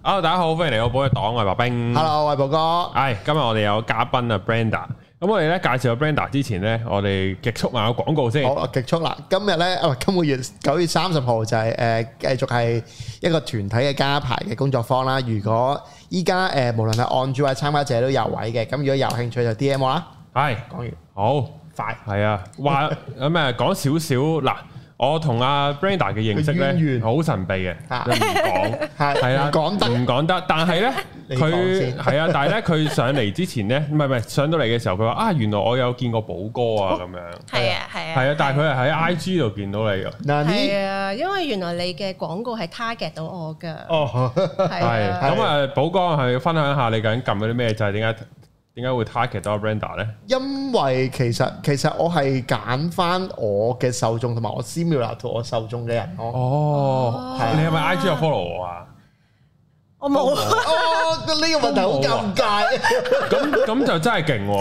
啊，大家好，歡迎嚟到寶藥黨，我係白兵。Hello，我係寶哥。係，今日我哋有嘉賓啊，Brenda。咁我哋咧介紹下 Brenda 之前咧，我哋極速埋個廣告先。好，極速啦！今日咧，啊，今個月九月三十號就係誒，繼續係一個團體嘅家排嘅工作坊啦。如果依家誒，無論係案主啊，參加者都有位嘅。咁如果有興趣就 DM 我啦。係，講完好快，係啊。話咁啊，講少少嗱。我同阿 Brenda 嘅認識咧，好神秘嘅，你唔講，講得唔講得？但係咧，佢係啊，但係咧，佢上嚟之前咧，唔係唔係上到嚟嘅時候，佢話啊，原來我有見過寶哥啊，咁樣。係啊，係啊。係啊，但係佢係喺 IG 度見到你。嗱，呢啊，因為原來你嘅廣告係 target 到我㗎。哦，係。咁啊，寶哥係分享下你究竟撳咗啲咩就係點解？點解會 target 到阿 Brenda 咧？因為其實其實我係揀翻我嘅受眾同埋我 similar 到我受眾嘅人咯。哦，你係咪 IG 有 follow 我啊？我冇，哦，呢個問題好尷尬，咁咁就真係勁喎，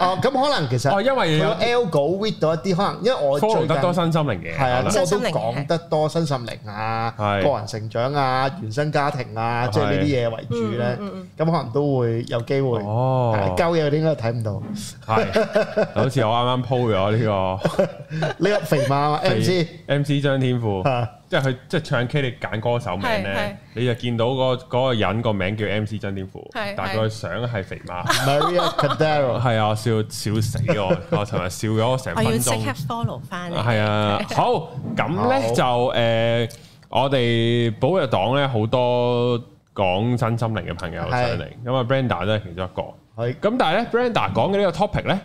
哦，咁可能其實哦，因為有 algo read 到一啲可能，因為我做得多身心靈嘅，係啊，我都講得多身心靈啊，個人成長啊，原生家庭啊，即係呢啲嘢為主咧，咁可能都會有機會，哦，交嘢應該睇唔到，係，好似我啱啱鋪咗呢個呢個肥媽 MC，MC 張天賦。即係佢，即係唱 K，你揀歌手名咧，你就見到嗰個人個名叫 M.C. 曾天富，但係佢相係肥媽 Maria Cordero，係啊，笑笑死我，我尋日笑咗成分鐘。我要 follow 翻。係啊，好咁咧就誒，我哋寶藥黨咧好多講真心靈嘅朋友上嚟，咁阿 Brenda 都係其中一個，係咁，但係咧 Brenda 講嘅呢個 topic 咧，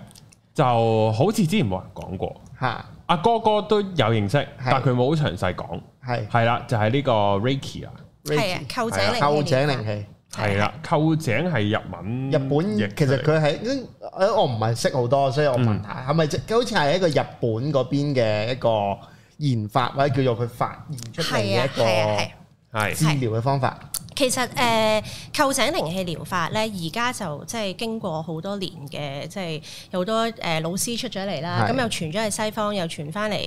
就好似之前冇人講過嚇，阿哥哥都有認識，但佢冇好詳細講。係係啦，就係、是、呢個 Reiki 啊，係啊，臼井靈氣，係啦，臼井係日文，日本其實佢係，誒我唔係識好多，所以我問下，係咪即係好似係一個日本嗰邊嘅一個研發或者叫做佢發現出嚟嘅一個係治療嘅方法？其實誒臼井靈氣療法咧，而家就即係經過好多年嘅，即係好多誒老師出咗嚟啦。咁又傳咗去西方，又傳翻嚟誒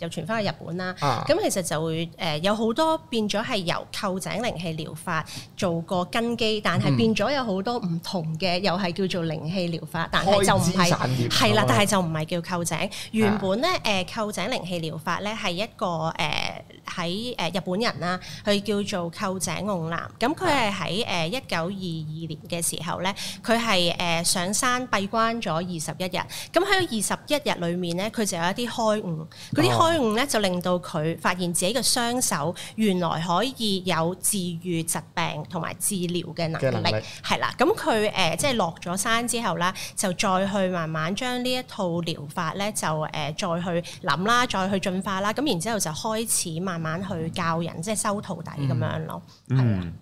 又傳翻去日本啦。咁其實就會誒有好多變咗係由臼井靈氣療法做過根基，但係變咗有好多唔同嘅，又係叫做靈氣療法，但係就唔係係啦，但係就唔係叫臼井。原本咧誒臼井靈氣療法咧係一個誒喺誒日本人啦，佢叫做臼井榮啦。咁佢係喺誒一九二二年嘅時候咧，佢係誒上山閉關咗二十一日。咁喺二十一日裏面咧，佢就有一啲開悟。嗰啲開悟咧，就令到佢發現自己嘅雙手原來可以有治癒疾病同埋治療嘅能力。係啦、啊，咁佢誒即係落咗山之後咧，就再去慢慢將呢一套療法咧，就誒、uh, 再去諗啦，再去進化啦。咁然之後就開始慢慢去教人，即係收徒弟咁樣咯。嗯。嗯，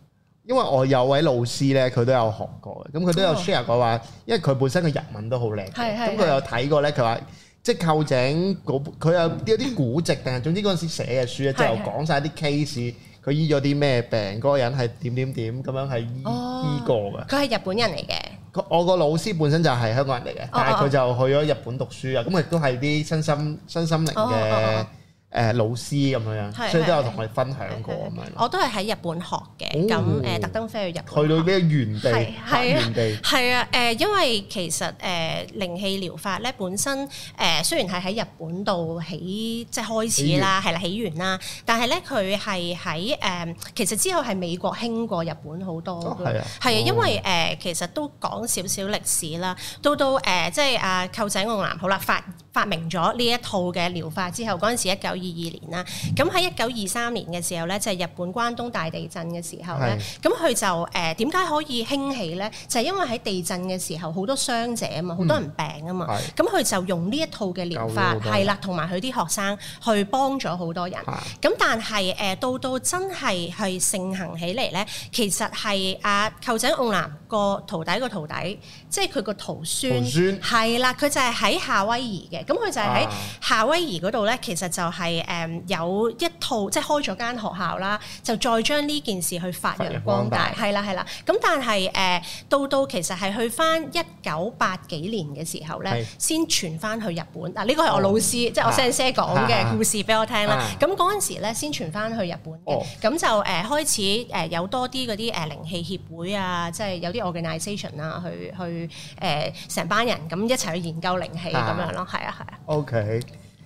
因為我有位老師咧，佢都有學過嘅，咁佢都有 share 過話，哦、因為佢本身嘅日文都好叻，咁佢有睇過咧，佢話是即係臼井佢有啲古籍，但係總之嗰陣時寫嘅書咧，是是就講晒啲 case，佢醫咗啲咩病，嗰、那個人係點點點咁樣係醫、哦、醫過嘅。佢係日本人嚟嘅，我個老師本身就係香港人嚟嘅，但係佢就去咗日本讀書啊，咁亦都係啲身心身心靈嘅。哦誒老師咁樣樣，所以都有同佢分享過咁樣。我都係喺日本學嘅，咁誒特登飛去日本，去到咩原地？原地係啊，係啊，誒，因為其實誒靈氣療法咧本身誒雖然係喺日本度起即係開始啦，係啦起源啦，但係咧佢係喺誒其實之後係美國興過日本好多嘅。啊，因為誒其實都講少少歷史啦，到到誒即係啊寇仔奧南好啦發發明咗呢一套嘅療法之後，嗰陣時一九二二年啦，咁喺一九二三年嘅時候咧，就係日本關東大地震嘅時候咧，咁佢就誒點解可以興起咧？就係因為喺地震嘅時候，好多傷者啊嘛，好多人病啊嘛，咁佢就用呢一套嘅療法係啦，同埋佢啲學生去幫咗好多人。咁但係誒到到真係去盛行起嚟咧，其實係阿臼井甕男個徒弟個徒弟，即係佢個徒孫係啦，佢就係喺夏威夷嘅。咁佢就係喺夏威夷嗰度咧，其實就係。係誒有一套即係開咗間學校啦，就再將呢件事去發揚光大，係啦係啦。咁但係誒、呃、到到其實係去翻一九八幾年嘅時候咧，的先傳翻去日本。嗱呢個係我老師、哦、即係我 sensei 講嘅故事俾我聽啦。咁嗰陣時咧先傳翻去日本嘅，咁、哦、就誒開始誒有多啲嗰啲誒靈氣協會啊，即、就、係、是、有啲 organisation 啊，去去誒成班人咁一齊去研究靈氣咁樣咯，係啊係啊。啊 OK。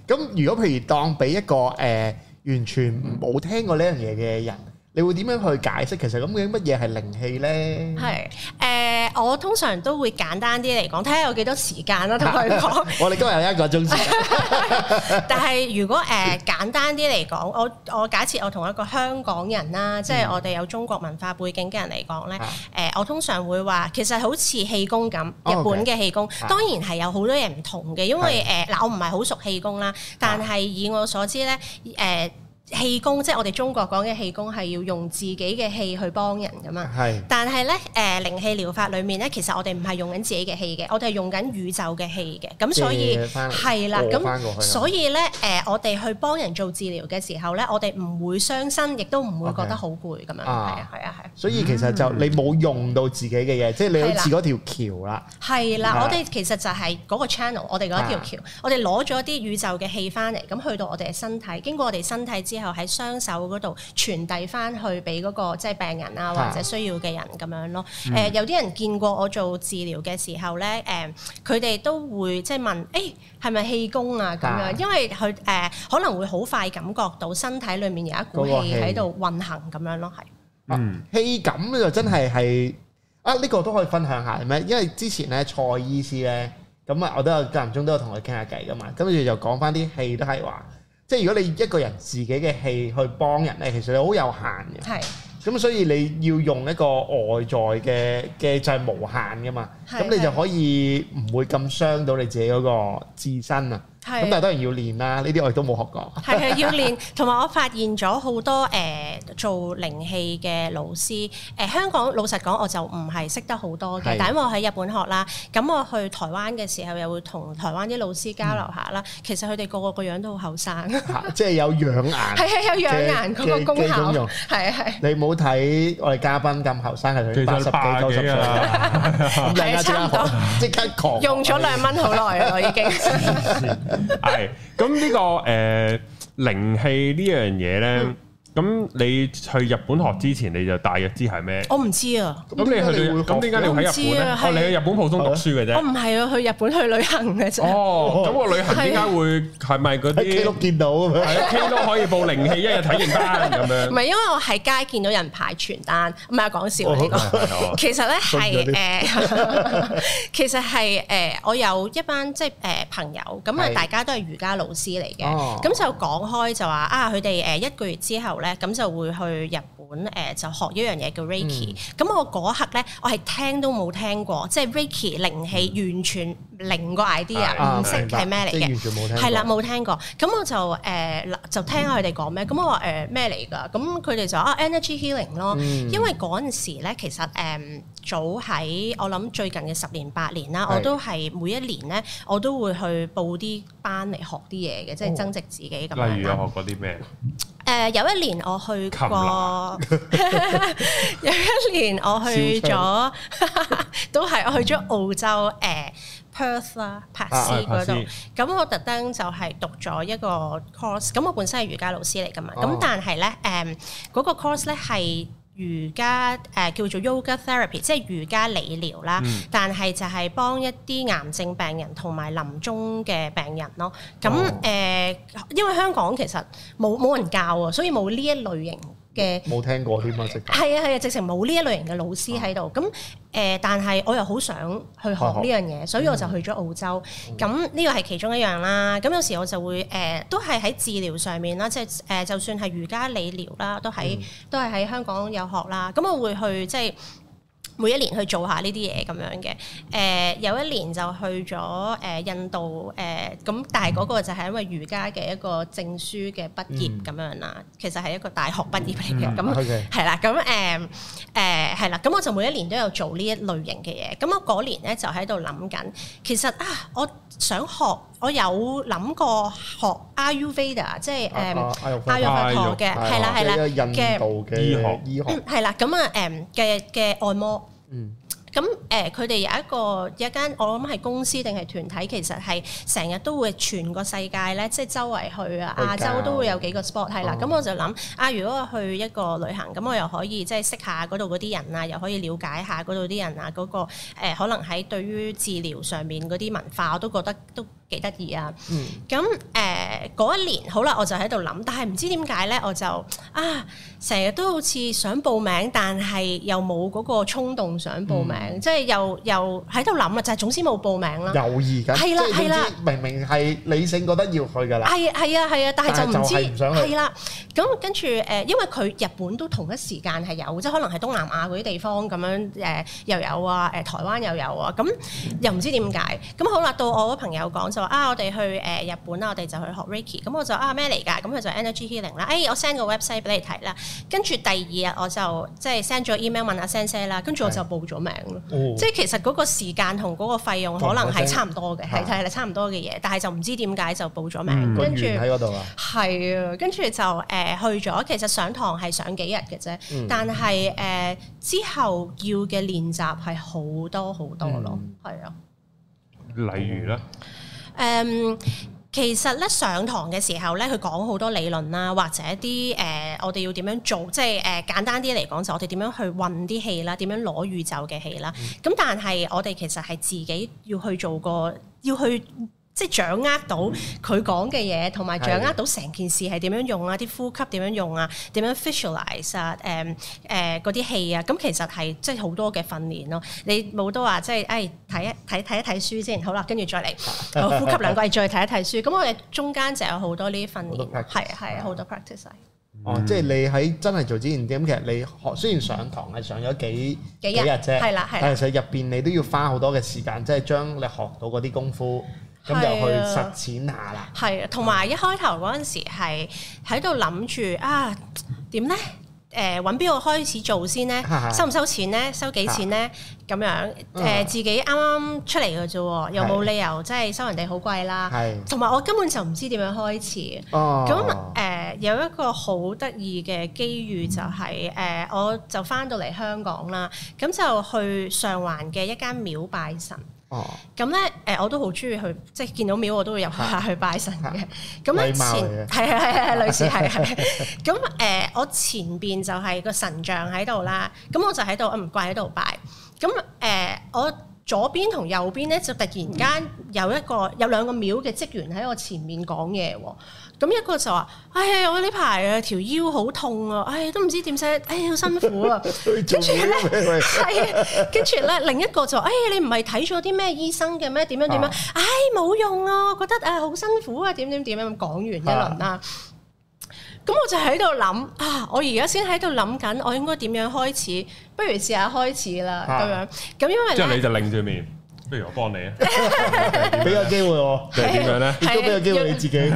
咁如果譬如當畀一個誒、呃、完全冇聽過呢樣嘢嘅人。你會點樣去解釋？其實咁究竟乜嘢係靈氣咧？係誒、呃，我通常都會簡單啲嚟講，睇下有幾多時間啦、啊，同佢講。我哋今日有一個鐘時間。但係如果誒簡單啲嚟講，我我假設我同一個香港人啦，即係我哋有中國文化背景嘅人嚟講咧，誒、嗯呃，我通常會話其實好似氣功咁，Oh, okay. 日本嘅氣功當然係有好多嘢唔同嘅，因為誒嗱是、呃，我唔係好熟氣功啦，但係以我所知咧，誒、呃。呃氣功即係我哋中國講嘅氣功係要用自己嘅氣去幫人㗎嘛，但係呢，誒靈氣療法裡面呢，其實我哋唔係用緊自己嘅氣嘅，我哋用緊宇宙嘅氣嘅，咁所以係啦，咁所以呢，誒我哋去幫人做治療嘅時候呢，我哋唔會傷身，亦都唔會覺得好攰咁樣，係啊係啊係。所以其實就你冇用到自己嘅嘢，即係你係治嗰條橋啦。係啦，我哋其實就係嗰個 channel，我哋嗰一條橋，我哋攞咗啲宇宙嘅氣翻嚟，咁去到我哋嘅身體，經過我哋身體之之後喺雙手嗰度傳遞翻去俾嗰個即係病人啊，或者需要嘅人咁樣咯。誒、嗯呃，有啲人見過我做治療嘅時候咧，誒、呃，佢哋都會即係問：誒、欸，係咪氣功啊？咁樣、嗯，因為佢誒、呃、可能會好快感覺到身體裏面有一股氣喺度運行咁樣咯。係，嗯，氣感咧就真係係啊，呢個都可以分享下係咩？因為之前咧蔡醫師咧，咁啊，我都有間唔中都有同佢傾下偈噶嘛，跟住就講翻啲氣都係話。即係如果你一個人自己嘅氣去幫人咧，其實你好有限嘅。係。咁所以你要用一個外在嘅嘅就係無限嘅嘛。係。咁你就可以唔會咁傷到你自己嗰個自身啊。係，咁但係當然要練啦。呢啲我亦都冇學過。係係要練，同埋我發現咗好多誒做靈氣嘅老師。誒香港老實講，我就唔係識得好多嘅。但因為我喺日本學啦，咁我去台灣嘅時候又會同台灣啲老師交流下啦。其實佢哋個個個樣都好後生，即係有養顏。係係有養顏嗰個功效。係係。你唔好睇我哋嘉賓咁後生，係佢八十幾九十歲啊？係差唔多，即刻狂用咗兩蚊好耐，我已經。係，咁、 哎這個呃、呢個誒靈氣呢樣嘢咧。 咁你去日本學之前，你就大約知係咩？我唔知啊。咁你去咁點解你會喺日本咧？哦，你去日本普通讀書嘅啫。我唔係啊，去日本去旅行嘅啫。哦，咁我旅行點解會係咪嗰啲記錄見到咁樣？記錄可以報靈氣一日體驗班咁樣。唔係，因為我喺街見到人派傳單，唔係講笑呢個。其實咧係誒，其實係誒，我有一班即係誒朋友，咁啊大家都係瑜伽老師嚟嘅，咁就講開就話啊，佢哋誒一個月之後咧。咁就會去日本誒、呃，就學一樣嘢叫 Reiki 咁我嗰刻咧，我係聽都冇聽過，即係 Reiki 靈氣、嗯、完全零個 idea，唔識係咩嚟嘅。啊、完全冇聽過。係啦，冇聽過。咁我就誒、呃、就聽下佢哋講咩？咁我話誒咩嚟㗎？咁佢哋就啊 energy healing 咯。嗯、因為嗰陣時咧，其實誒、嗯、早喺我諗最近嘅十年八年啦，嗯、我都係每一年咧我都會去報啲班嚟學啲嘢嘅，即係增值自己咁、哦。例如有學過，學嗰啲咩？誒、呃、有一年我去過，琴拿 有一年我去咗，春 都係我去咗澳洲誒 Perth 啦，柏、呃、斯嗰度。咁、啊、我特登就係讀咗一個 course。咁我本身係瑜伽老師嚟㗎嘛。咁、哦、但係咧誒，嗰、呃那個 course 咧係。瑜伽誒、呃、叫做 yoga therapy，即係瑜伽理療啦。嗯、但係就係幫一啲癌症病人同埋臨終嘅病人咯。咁誒、哦、呃，因為香港其實冇冇人教啊，所以冇呢一類型。冇聽過添啊！係啊係啊，直情冇呢一類型嘅老師喺度咁，誒，但係我又好想去學呢樣嘢，啊啊、所以我就去咗澳洲。咁呢、嗯、個係其中一樣啦。咁有時我就會誒、呃，都係喺治療上面啦，即係誒，就算係瑜伽理療啦，都喺、嗯、都係喺香港有學啦。咁我會去即係。即係每一年去做下呢啲嘢咁樣嘅，誒、嗯、有一年就去咗誒、嗯、印度誒，咁、嗯、但係嗰個就係因為瑜伽嘅一個證書嘅畢業咁樣啦，嗯、其實係一個大學畢業嚟嘅，咁係、嗯 okay。嗯嗯嗯、啦，咁誒誒係啦，咁我就每一年都有做呢一類型嘅嘢，咁我嗰年咧就喺度諗緊，其實啊，我想學。我有諗過學 Ayurveda 即係誒、啊、Ayurveda 嘅，係、啊、啦係啦嘅印度嘅醫學，醫學，係、嗯、啦咁啊誒嘅嘅按摩。嗯。咁誒，佢哋、呃、有一個有一間我諗係公司定係團體，其實係成日都會，全個世界咧，即係周圍去啊，亞洲都會有幾個 spot 係啦。咁、嗯、我就諗啊，如果我去一個旅行，咁我又可以即係識下嗰度啲人啊，又可以了解下嗰度啲人啊，嗰、嗰個誒、呃、可能喺對於治療上面嗰啲文化，我都覺得都幾得意啊。咁誒嗰一年好啦，我就喺度諗，但係唔知點解咧，我就啊，成日都好似想報名，但係又冇嗰個衝動想報名。嗯。即係又又喺度諗啊！就係總之冇報名啦，猶豫緊，係啦係啦，明明係理性覺得要去㗎啦，係係啊係啊，但係就唔知係啦。咁、就是、跟住誒、呃，因為佢日本都同一時間係有，即係可能係東南亞嗰啲地方咁樣誒，又有啊誒、呃，台灣又有啊，咁、嗯、又唔知點解。咁 好啦，到我個朋友講就話啊，我哋去誒、呃、日本啦，我哋就去學 Reiki 咁我就啊咩嚟㗎？咁佢、嗯、就 Energy Healing 啦。誒，我 send 個 website 俾你睇啦。跟住第二日我就即係 send 咗 email 問阿 Sen 啦。跟住我就報咗名。哦、即係其實嗰個時間同嗰個費用可能係差唔多嘅，係係係差唔多嘅嘢，啊、但係就唔知點解就報咗名，嗯、跟住喺度啊，係、啊、跟住就誒、呃、去咗。其實上堂係上幾日嘅啫，嗯、但係誒、呃、之後要嘅練習係好多好多咯，係、嗯、啊，例如咧，誒。Um, 其實咧上堂嘅時候咧，佢講好多理論啦，或者一啲誒、呃，我哋要點樣做，即係誒、呃、簡單啲嚟講就我哋點樣去運啲氣啦，點樣攞宇宙嘅氣啦。咁、嗯、但係我哋其實係自己要去做個，要去。即係掌握到佢講嘅嘢，同埋掌握到成件事係點樣用啊？啲呼吸點樣用啊？點樣 visualize 啊、呃，誒誒嗰啲氣啊？咁其實係即係好多嘅訓練咯。你冇都話即係誒睇一睇睇一睇書先，好啦，跟住再嚟呼吸兩個，再睇一睇書。咁 我哋中間就有好多呢啲訓練，係係好多 practice。嗯、哦，即係你喺真係做之前，點其實你學雖然上堂係上咗幾幾日啫，係啦係但其實入邊你都要花好多嘅時間，即係將你學到嗰啲功夫。咁又去實踐下啦。係啊，同埋一開頭嗰陣時係喺度諗住啊，點咧？誒、呃，搵邊個開始做先咧是是？收唔收錢咧？收幾錢咧？咁樣誒，嗯、自己啱啱出嚟嘅啫，又冇理由是、啊、即係收人哋好貴啦。係。同埋我根本就唔知點樣開始。哦是、啊。咁、呃、誒有一個好得意嘅機遇就係、是、誒、呃，我就返到嚟香港啦，咁就去上環嘅一間廟拜神。哦，咁咧，誒，我都好中意去，即係見到廟，我都會入去下去拜神嘅。咁咧、啊、前，係啊係啊，類似係係。咁誒、 呃，我前邊就係個神像喺度啦，咁我就喺度、嗯呃，我唔跪喺度拜，咁誒我。左邊同右邊咧就突然間有一個有兩個廟嘅職員喺我前面講嘢喎，咁一個就話：哎我呢排啊條腰好痛啊，哎都唔知點寫，哎好辛苦啊。跟住咧，係、 啊，跟住咧另一個就話：哎你唔係睇咗啲咩醫生嘅咩？點樣點樣？哎冇、啊、用啊，覺得誒好辛苦啊，點點點樣講完一輪啦。啊啊咁我就喺度諗啊！我而家先喺度諗緊，我應該點樣開始？不如試下開始啦，咁、啊、樣。咁因為即係你就擰住面，不如我幫你啊！俾 是個機會我，定係點是樣咧？亦都俾個機會你自己。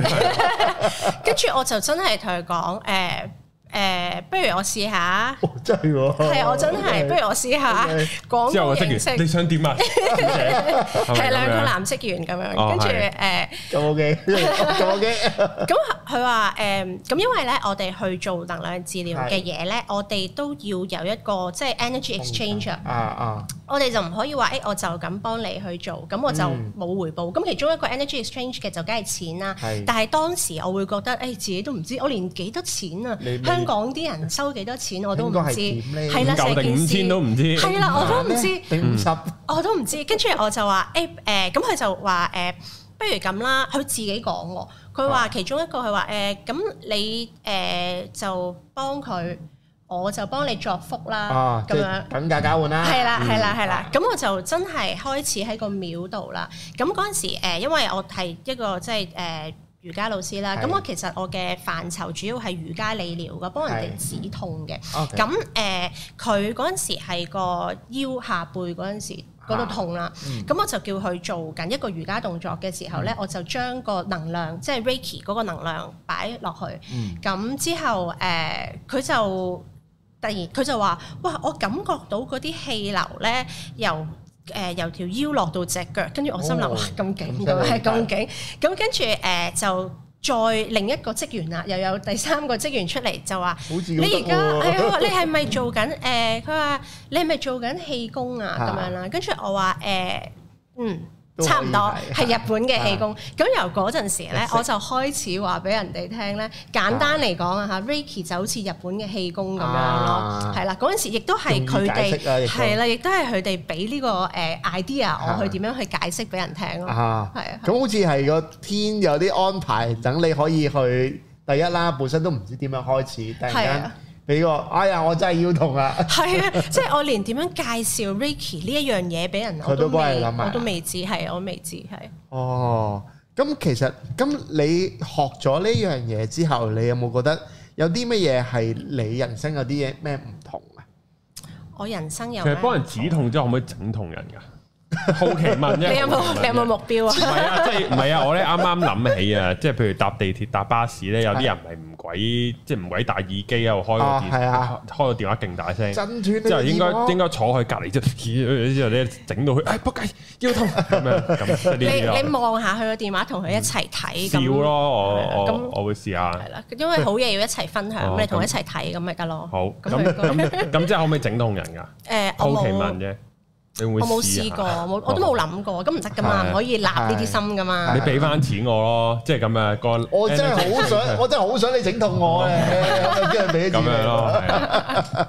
跟住 我就真係同佢講，誒、呃。誒，不如我試下。真喎，係我真係，不如我試下廣東形式。你想點啊？係兩個藍色圓咁樣，跟住誒。咁 OK，咁 OK。咁佢話誒，咁因為咧，我哋去做能量治療嘅嘢咧，我哋都要有一個即係 energy exchanger。啊啊！我哋就唔可以話，誒，我就咁幫你去做，咁我就冇回報。咁其中一個 energy exchange 嘅就梗係錢啦、啊。是的 但係當時我會覺得，誒，自己都唔知，我連幾多錢啊？未香港啲人收幾多錢我都唔知。應該係點咧？舊定五千都唔知。係啦，我都唔知。定五十我都唔知。跟住我就話，誒、欸，誒、呃，咁佢就話，誒、呃呃，不如咁啦，佢自己講喎。佢話其中一個係話，誒，咁、呃、你誒、呃、就幫佢。我就幫你作福啦，咁樣等價交換啦。係啦，係啦，係啦。咁我就真係開始喺個廟度啦。咁嗰陣時，因為我係一個即係誒瑜伽老師啦。咁我其實我嘅範疇主要係瑜伽理療嘅，幫人哋止痛嘅。咁誒，佢嗰陣時係個腰下背嗰陣時嗰度痛啦。咁我就叫佢做緊一個瑜伽動作嘅時候咧，我就將個能量，即係 Reiki 嗰個能量擺落去。咁之後誒，佢就。突然佢就話：哇！我感覺到嗰啲氣流咧，由誒、呃、由條腰落到隻腳，跟住我心諗、哦、哇咁勁！係咁勁！咁跟住誒、呃、就再另一個職員啦，又有第三個職員出嚟就話：好似你而家你係咪做緊誒？佢話你係咪做緊氣功啊？咁樣啦，跟住我話誒、呃、嗯。差唔多，係日本嘅氣功。咁由嗰陣時咧，我就開始話俾人哋聽咧。簡單嚟講啊嚇，Reiki 就好似日本嘅氣功咁樣咯，係啦。嗰陣時亦都係佢哋係啦，亦都係佢哋俾呢個誒 idea 我去點樣去解釋俾人聽咯。係啊，咁好似係個天有啲安排，等你可以去第一啦。本身都唔知點樣開始，突然間俾我哎呀！我真係腰痛啦，係啊！啊 即係我連點樣介紹 Reiki 呢一樣嘢俾人，佢都幫人諗埋，我都未知係、啊，我未知係。啊、哦，咁其實咁你學咗呢樣嘢之後，你有冇覺得有啲乜嘢係你人生有啲嘢咩唔同啊？我人生有。其實幫人止痛之後，可唔可以整痛人噶？好奇問啫，你有冇你有冇目標啊？唔係啊，即係唔係啊？我咧，啱啱諗起啊，即係譬如搭地鐵搭巴士咧，有啲人唔係唔鬼即係唔鬼戴耳機啊，我開個係啊，開個電話勁大聲，即係應該應該坐喺隔籬即之後咧，整到佢，哎扑街要痛咁樣咁。你望下佢個電話，同佢一齊睇。笑咯，我我我會試下。係啦，因為好嘢，要一齊分享，你同佢一齊睇咁咪得咯。好咁，咁即係可唔可以整到人噶？誒，好奇問啫。我冇試過，我過 我都冇諗過，咁唔得噶嘛，唔是的 可以立呢啲心噶嘛。是的 你俾翻錢我咯，即係咁啊，哥！我真係好想，我真係好想你整痛我啊！咁樣俾咁樣咯，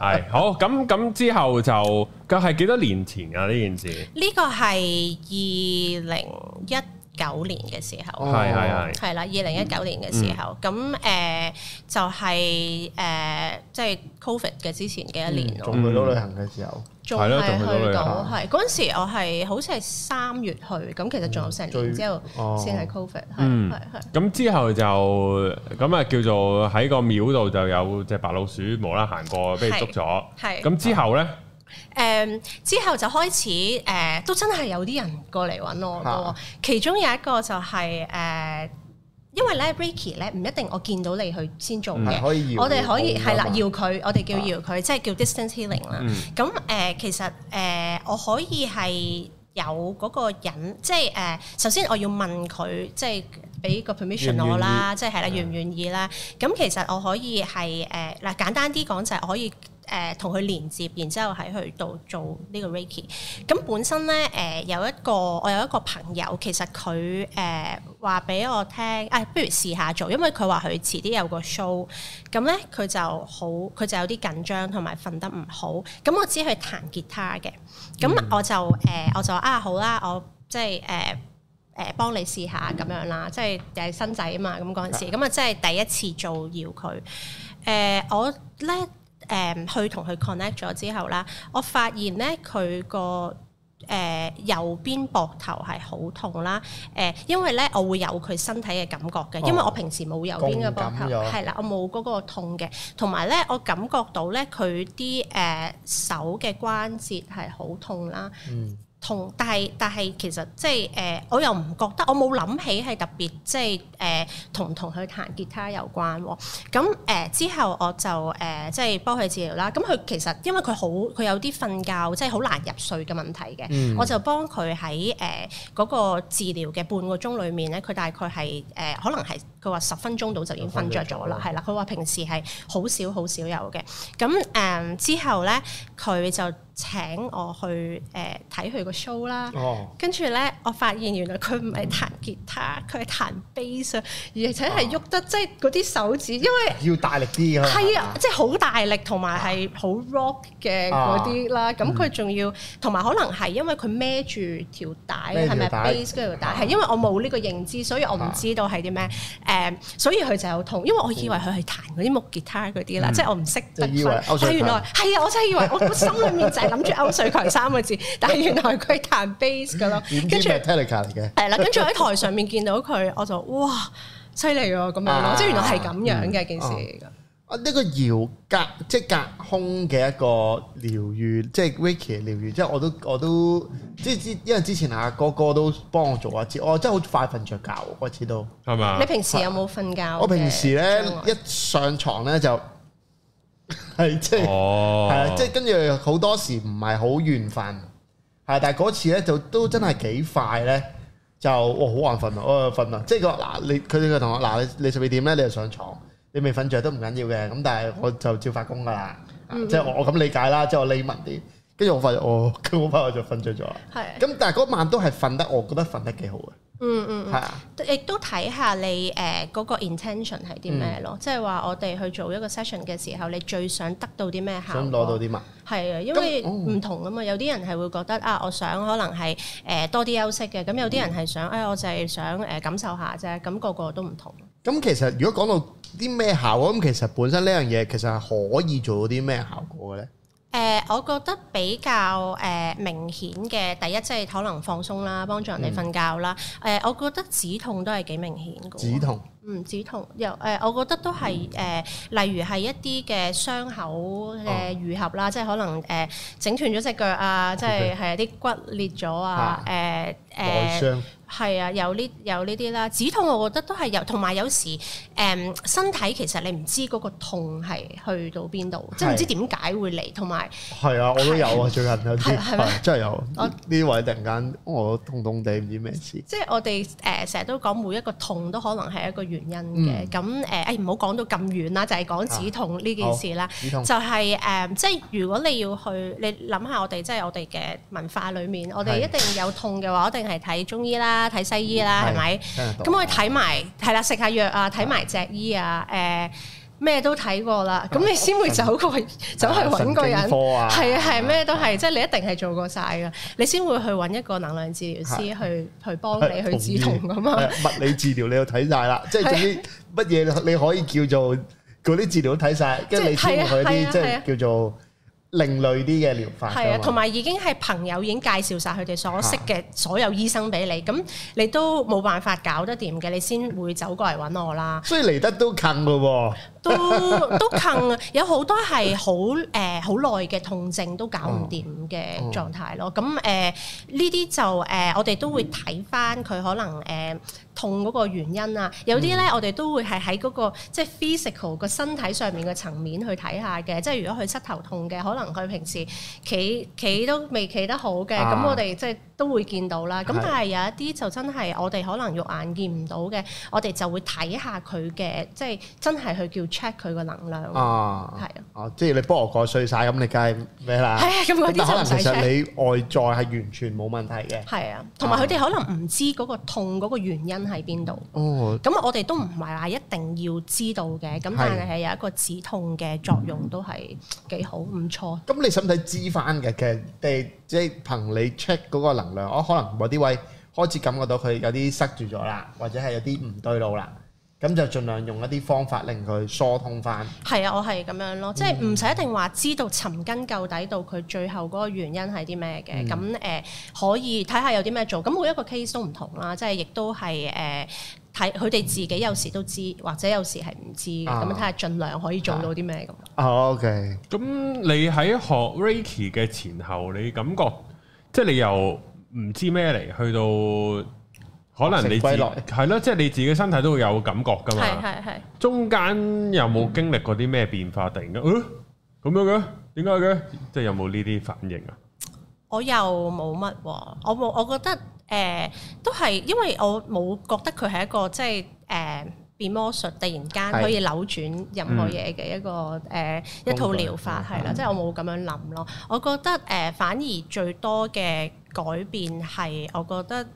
係 好。咁咁之後就，個係幾多年前啊？呢件事呢個係二零一九年嘅時候，係係係，係啦，二零一九年嘅時候，咁誒就係誒，即係 Covid 嘅之前嘅一年咯，仲去到旅行嘅時候，仲係去到，係嗰陣時我係好似係三月去，咁其實仲有成年之後先係 Covid，嗯，咁之後就咁啊叫做喺個廟度就有隻白老鼠無啦啦行過，俾捉咗，係，咁之後咧。誒、um, 之後就開始誒、呃，都真係有啲人過嚟揾我咯。啊、其中有一個就係、是、誒、呃，因為咧 Reiki 咧唔一定我見到你去先做嘅。可以我哋可以係、啊、啦，要佢是、啊、我哋叫要佢，即、就、係、是、叫 distance healing 啦、啊。咁、嗯、誒、呃，其實誒、呃，我可以係有嗰個人，即係誒。首先我要問佢，即係俾個 permission 我，意我啦，即係係啦，願唔願意啦。咁其實我可以係誒嗱，簡單啲講就係我可以。誒同佢連接，然之後喺佢度做呢個 Reiki 咁本身咧，誒、呃、有一個我有一個朋友，其實佢誒話俾我聽，誒、哎、不如試下做，因為佢話佢遲啲有個 show。咁咧佢就好，佢就有啲緊張，同埋瞓得唔好。咁我只係彈吉他嘅，咁我就誒、呃、我就啊好啦，我即係誒誒幫你試下咁樣啦，即係誒新仔啊嘛，咁嗰陣時，咁啊的即係第一次做要佢誒我咧。呢誒、嗯、去同佢 connect 咗之後啦，我發現咧佢個誒右邊膊頭係好痛啦，誒、呃、因為咧我會有佢身體嘅感覺嘅，哦、因為我平時冇右邊嘅膊頭，係啦，我冇嗰個痛嘅，同埋咧我感覺到咧佢啲誒手嘅關節係好痛啦。嗯同但係但係其實即係誒，我又唔覺得，我冇諗起係特別即係誒，同同佢彈吉他有關喎。咁、呃、誒之後我就誒、呃、即係幫佢治療啦。咁佢其實因為佢好佢有啲瞓覺即係好難入睡嘅問題嘅，嗯、我就幫佢喺誒嗰個治療嘅半個鐘裏面咧，佢大概係誒、呃、可能係。佢話十分鐘度就已經瞓着咗啦，係啦。佢話平時係好少好少有嘅。咁誒之後咧，佢就請我去誒睇佢個 show 啦。哦，跟住咧，我發現原來佢唔係彈吉他，佢係彈 bass，而且係喐得即係嗰啲手指，因為要大力啲係啊，即係好大力同埋係好 rock 嘅嗰啲啦。咁佢仲要同埋可能係因為佢孭住條帶，係咪 bass 嗰條帶？係因為我冇呢個認知，所以我唔知道係啲咩。誒，um, 所以佢就有痛，因為我以為佢係彈嗰啲木吉他嗰啲啦，嗯、即係我唔識得。就以為歐瑞，但原來係啊！我真係以為 我心裏面淨係諗住歐瑞強三個字，但係原來佢彈 bass 噶咯，跟住係泰利卡嚟嘅。係啦，跟住喺台上面見到佢，我就哇犀利喎！咁樣，啊、即係原來係咁樣嘅、啊嗯、件事嚟嘅。啊！呢個搖隔即係隔空嘅一個療愈，即係 Reiki 療愈。即係我都我都即係之，因為之前阿歌歌都幫我做一次，我真係好快瞓着覺嗰次都係嘛？吧你平時有冇瞓覺？我平時咧一上床咧就係即係係即係跟住好多時唔係好緣分係，但係嗰次咧就都真係幾快咧，就我好眼瞓啊，我眼瞓啊。即係個嗱你佢哋嘅同學嗱你你十二點咧，你就上床。你未瞓着都唔緊要嘅，咁但係我就照發工噶啦，嗯嗯，即係我我咁理解啦，即係我匿密啲，跟住我發現我，跟住我發現、哦、我就瞓着咗。係的。咁但係嗰晚都係瞓得，我覺得瞓得幾好嘅。嗯嗯。係啊的。亦都睇下你誒嗰、呃嗰個 intention 係啲咩咯，即係話我哋去做一個 session 嘅時候，你最想得到啲咩效？想攞到啲乜？係啊，因為唔、嗯、同啊嘛，有啲人係會覺得啊，我想可能係誒多啲休息嘅，咁有啲人係想，哎、呃，我就係想誒感受下啫，咁、那個個都唔同。咁其實如果講到啲咩效果，咁其實本身呢樣嘢其實係可以做到啲咩效果嘅咧？誒、呃，我覺得比較誒明顯嘅，第一即係、就是、可能放鬆啦，幫助人哋瞓覺啦。誒、嗯呃，我覺得止痛都係幾明顯㗎。止痛。唔止痛又誒，我覺得都係，誒，例如係一啲嘅傷口嘅愈合啦，即係可能誒整斷咗隻腳啊，即係係啲骨裂咗啊，外傷，係啊，有呢有呢啲啦，止痛我覺得都係有同埋有時誒身體其實你唔知嗰個痛係去到邊度，即係唔知點解會嚟，同埋係啊，我都有啊，最近有啲，咪真係有？呢位突然間我痛痛哋唔知咩事，即係我哋誒成日都講每一個痛都可能係一個。原因嘅，咁誒，誒唔好講到咁遠啦，就係、是、講止痛呢件事啦，啊。止痛就係、是、誒、呃，即係如果你要去，你諗下我哋即係我哋嘅文化裏面，是我哋一定有痛嘅話，一定係睇中醫啦，睇西醫啦，係咪是？咁吧我哋睇埋係啦，食下藥啊，睇埋、啊、隻醫啊，誒、呃。咩都睇過啦，咁你先會走過走去揾個人，係啊係咩都係，即係你一定係做過曬噶，你先會去揾一個能量治療師去去幫你去治療㗎嘛。物理治療你又睇曬啦，即係總之乜嘢你可以叫做嗰啲治療都睇曬，跟住你先去啲即係叫做另類啲嘅療法。係啊，同埋已經係朋友已經介紹曬佢哋所識嘅所有醫生俾你，咁你都冇辦法搞得掂嘅，你先會走過嚟揾我啦。所以嚟得都近噶喎。都都近，有好多係好誒好耐嘅痛症都搞唔掂嘅狀態咯。咁誒呢啲就誒、呃、我哋都會睇翻佢可能誒、呃、痛嗰個原因啊。有啲咧我哋都會係喺嗰個即係 physical 個身體上面嘅層面去睇下嘅。即係如果佢膝頭痛嘅，可能佢平時企企都未企得好嘅，咁、啊、我哋即係。都會見到啦，咁但係有一啲就真係我哋可能肉眼見唔到嘅，我哋就會睇下佢嘅，即係真係去叫 check 佢個能量哦，係啊，哦係、啊，即係你幫我過衰晒，咁你梗係咩啦？係啊，咁嗰啲就唔係 check。可能其實你外在係完全冇問題嘅，係啊，同埋佢哋可能唔知嗰個痛嗰個原因喺邊度。哦，咁我哋都唔係話一定要知道嘅，咁、哦、但係係有一個止痛嘅作用都係幾好，唔錯、啊，咁你使唔使知翻嘅？其實即係憑你 check 嗰個能量。我、哦、可能某啲位開始感覺到佢有啲塞住咗啦，或者係有啲唔對路啦，咁就盡量用一啲方法令佢疏通翻。係啊，我係咁樣咯，嗯、即係唔使一定話知道尋根究底到佢最後嗰個原因係啲咩嘅。咁誒、嗯呃、可以睇下有啲咩做。咁每一個 case 都唔同啦，即係亦都係誒睇佢哋自己有時都知，或者有時係唔知。咁睇下盡量可以做到啲咩咁。OK。咁你喺學 Reiki 嘅前後，你感覺即係你由？唔知咩嚟？去到可能你自己係咯，即係你自己身體都會有感覺噶嘛。係係係。中間有冇經歷過啲咩變化？突然間，嗯，咁樣嘅，點解嘅？即係有冇呢啲反應啊？我又冇乜，我冇，我覺得誒，都係因為我冇覺得佢係一個即係誒變魔術，突然間可以扭轉任何嘢嘅一個誒一套療法係啦。即係我冇咁樣諗咯。我覺得誒，反而最多嘅。改變係我覺得。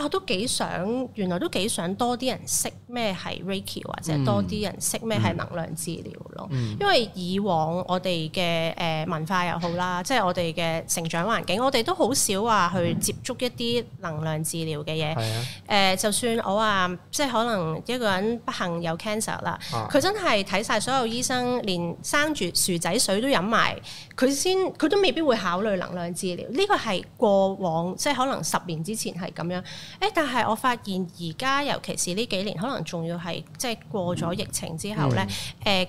我、啊、都幾想，原來都幾想多啲人識咩係 Reiki，或者多啲人識咩係能量治療咯。嗯、因為以往我哋嘅誒文化又好啦，即係、嗯、我哋嘅成長環境，我哋都好少話去接觸一啲能量治療嘅嘢。係啊、嗯，誒、呃，就算我話即係可能一個人不幸有 cancer 啦、啊，佢真係睇晒所有醫生，連生住薯仔水都飲埋，佢先佢都未必會考慮能量治療。呢、這個係過往，即係可能十年之前係咁樣。誒，但係我發現而家，尤其是呢幾年，可能仲要係即係過咗疫情之後咧，誒、mm hmm. 呃，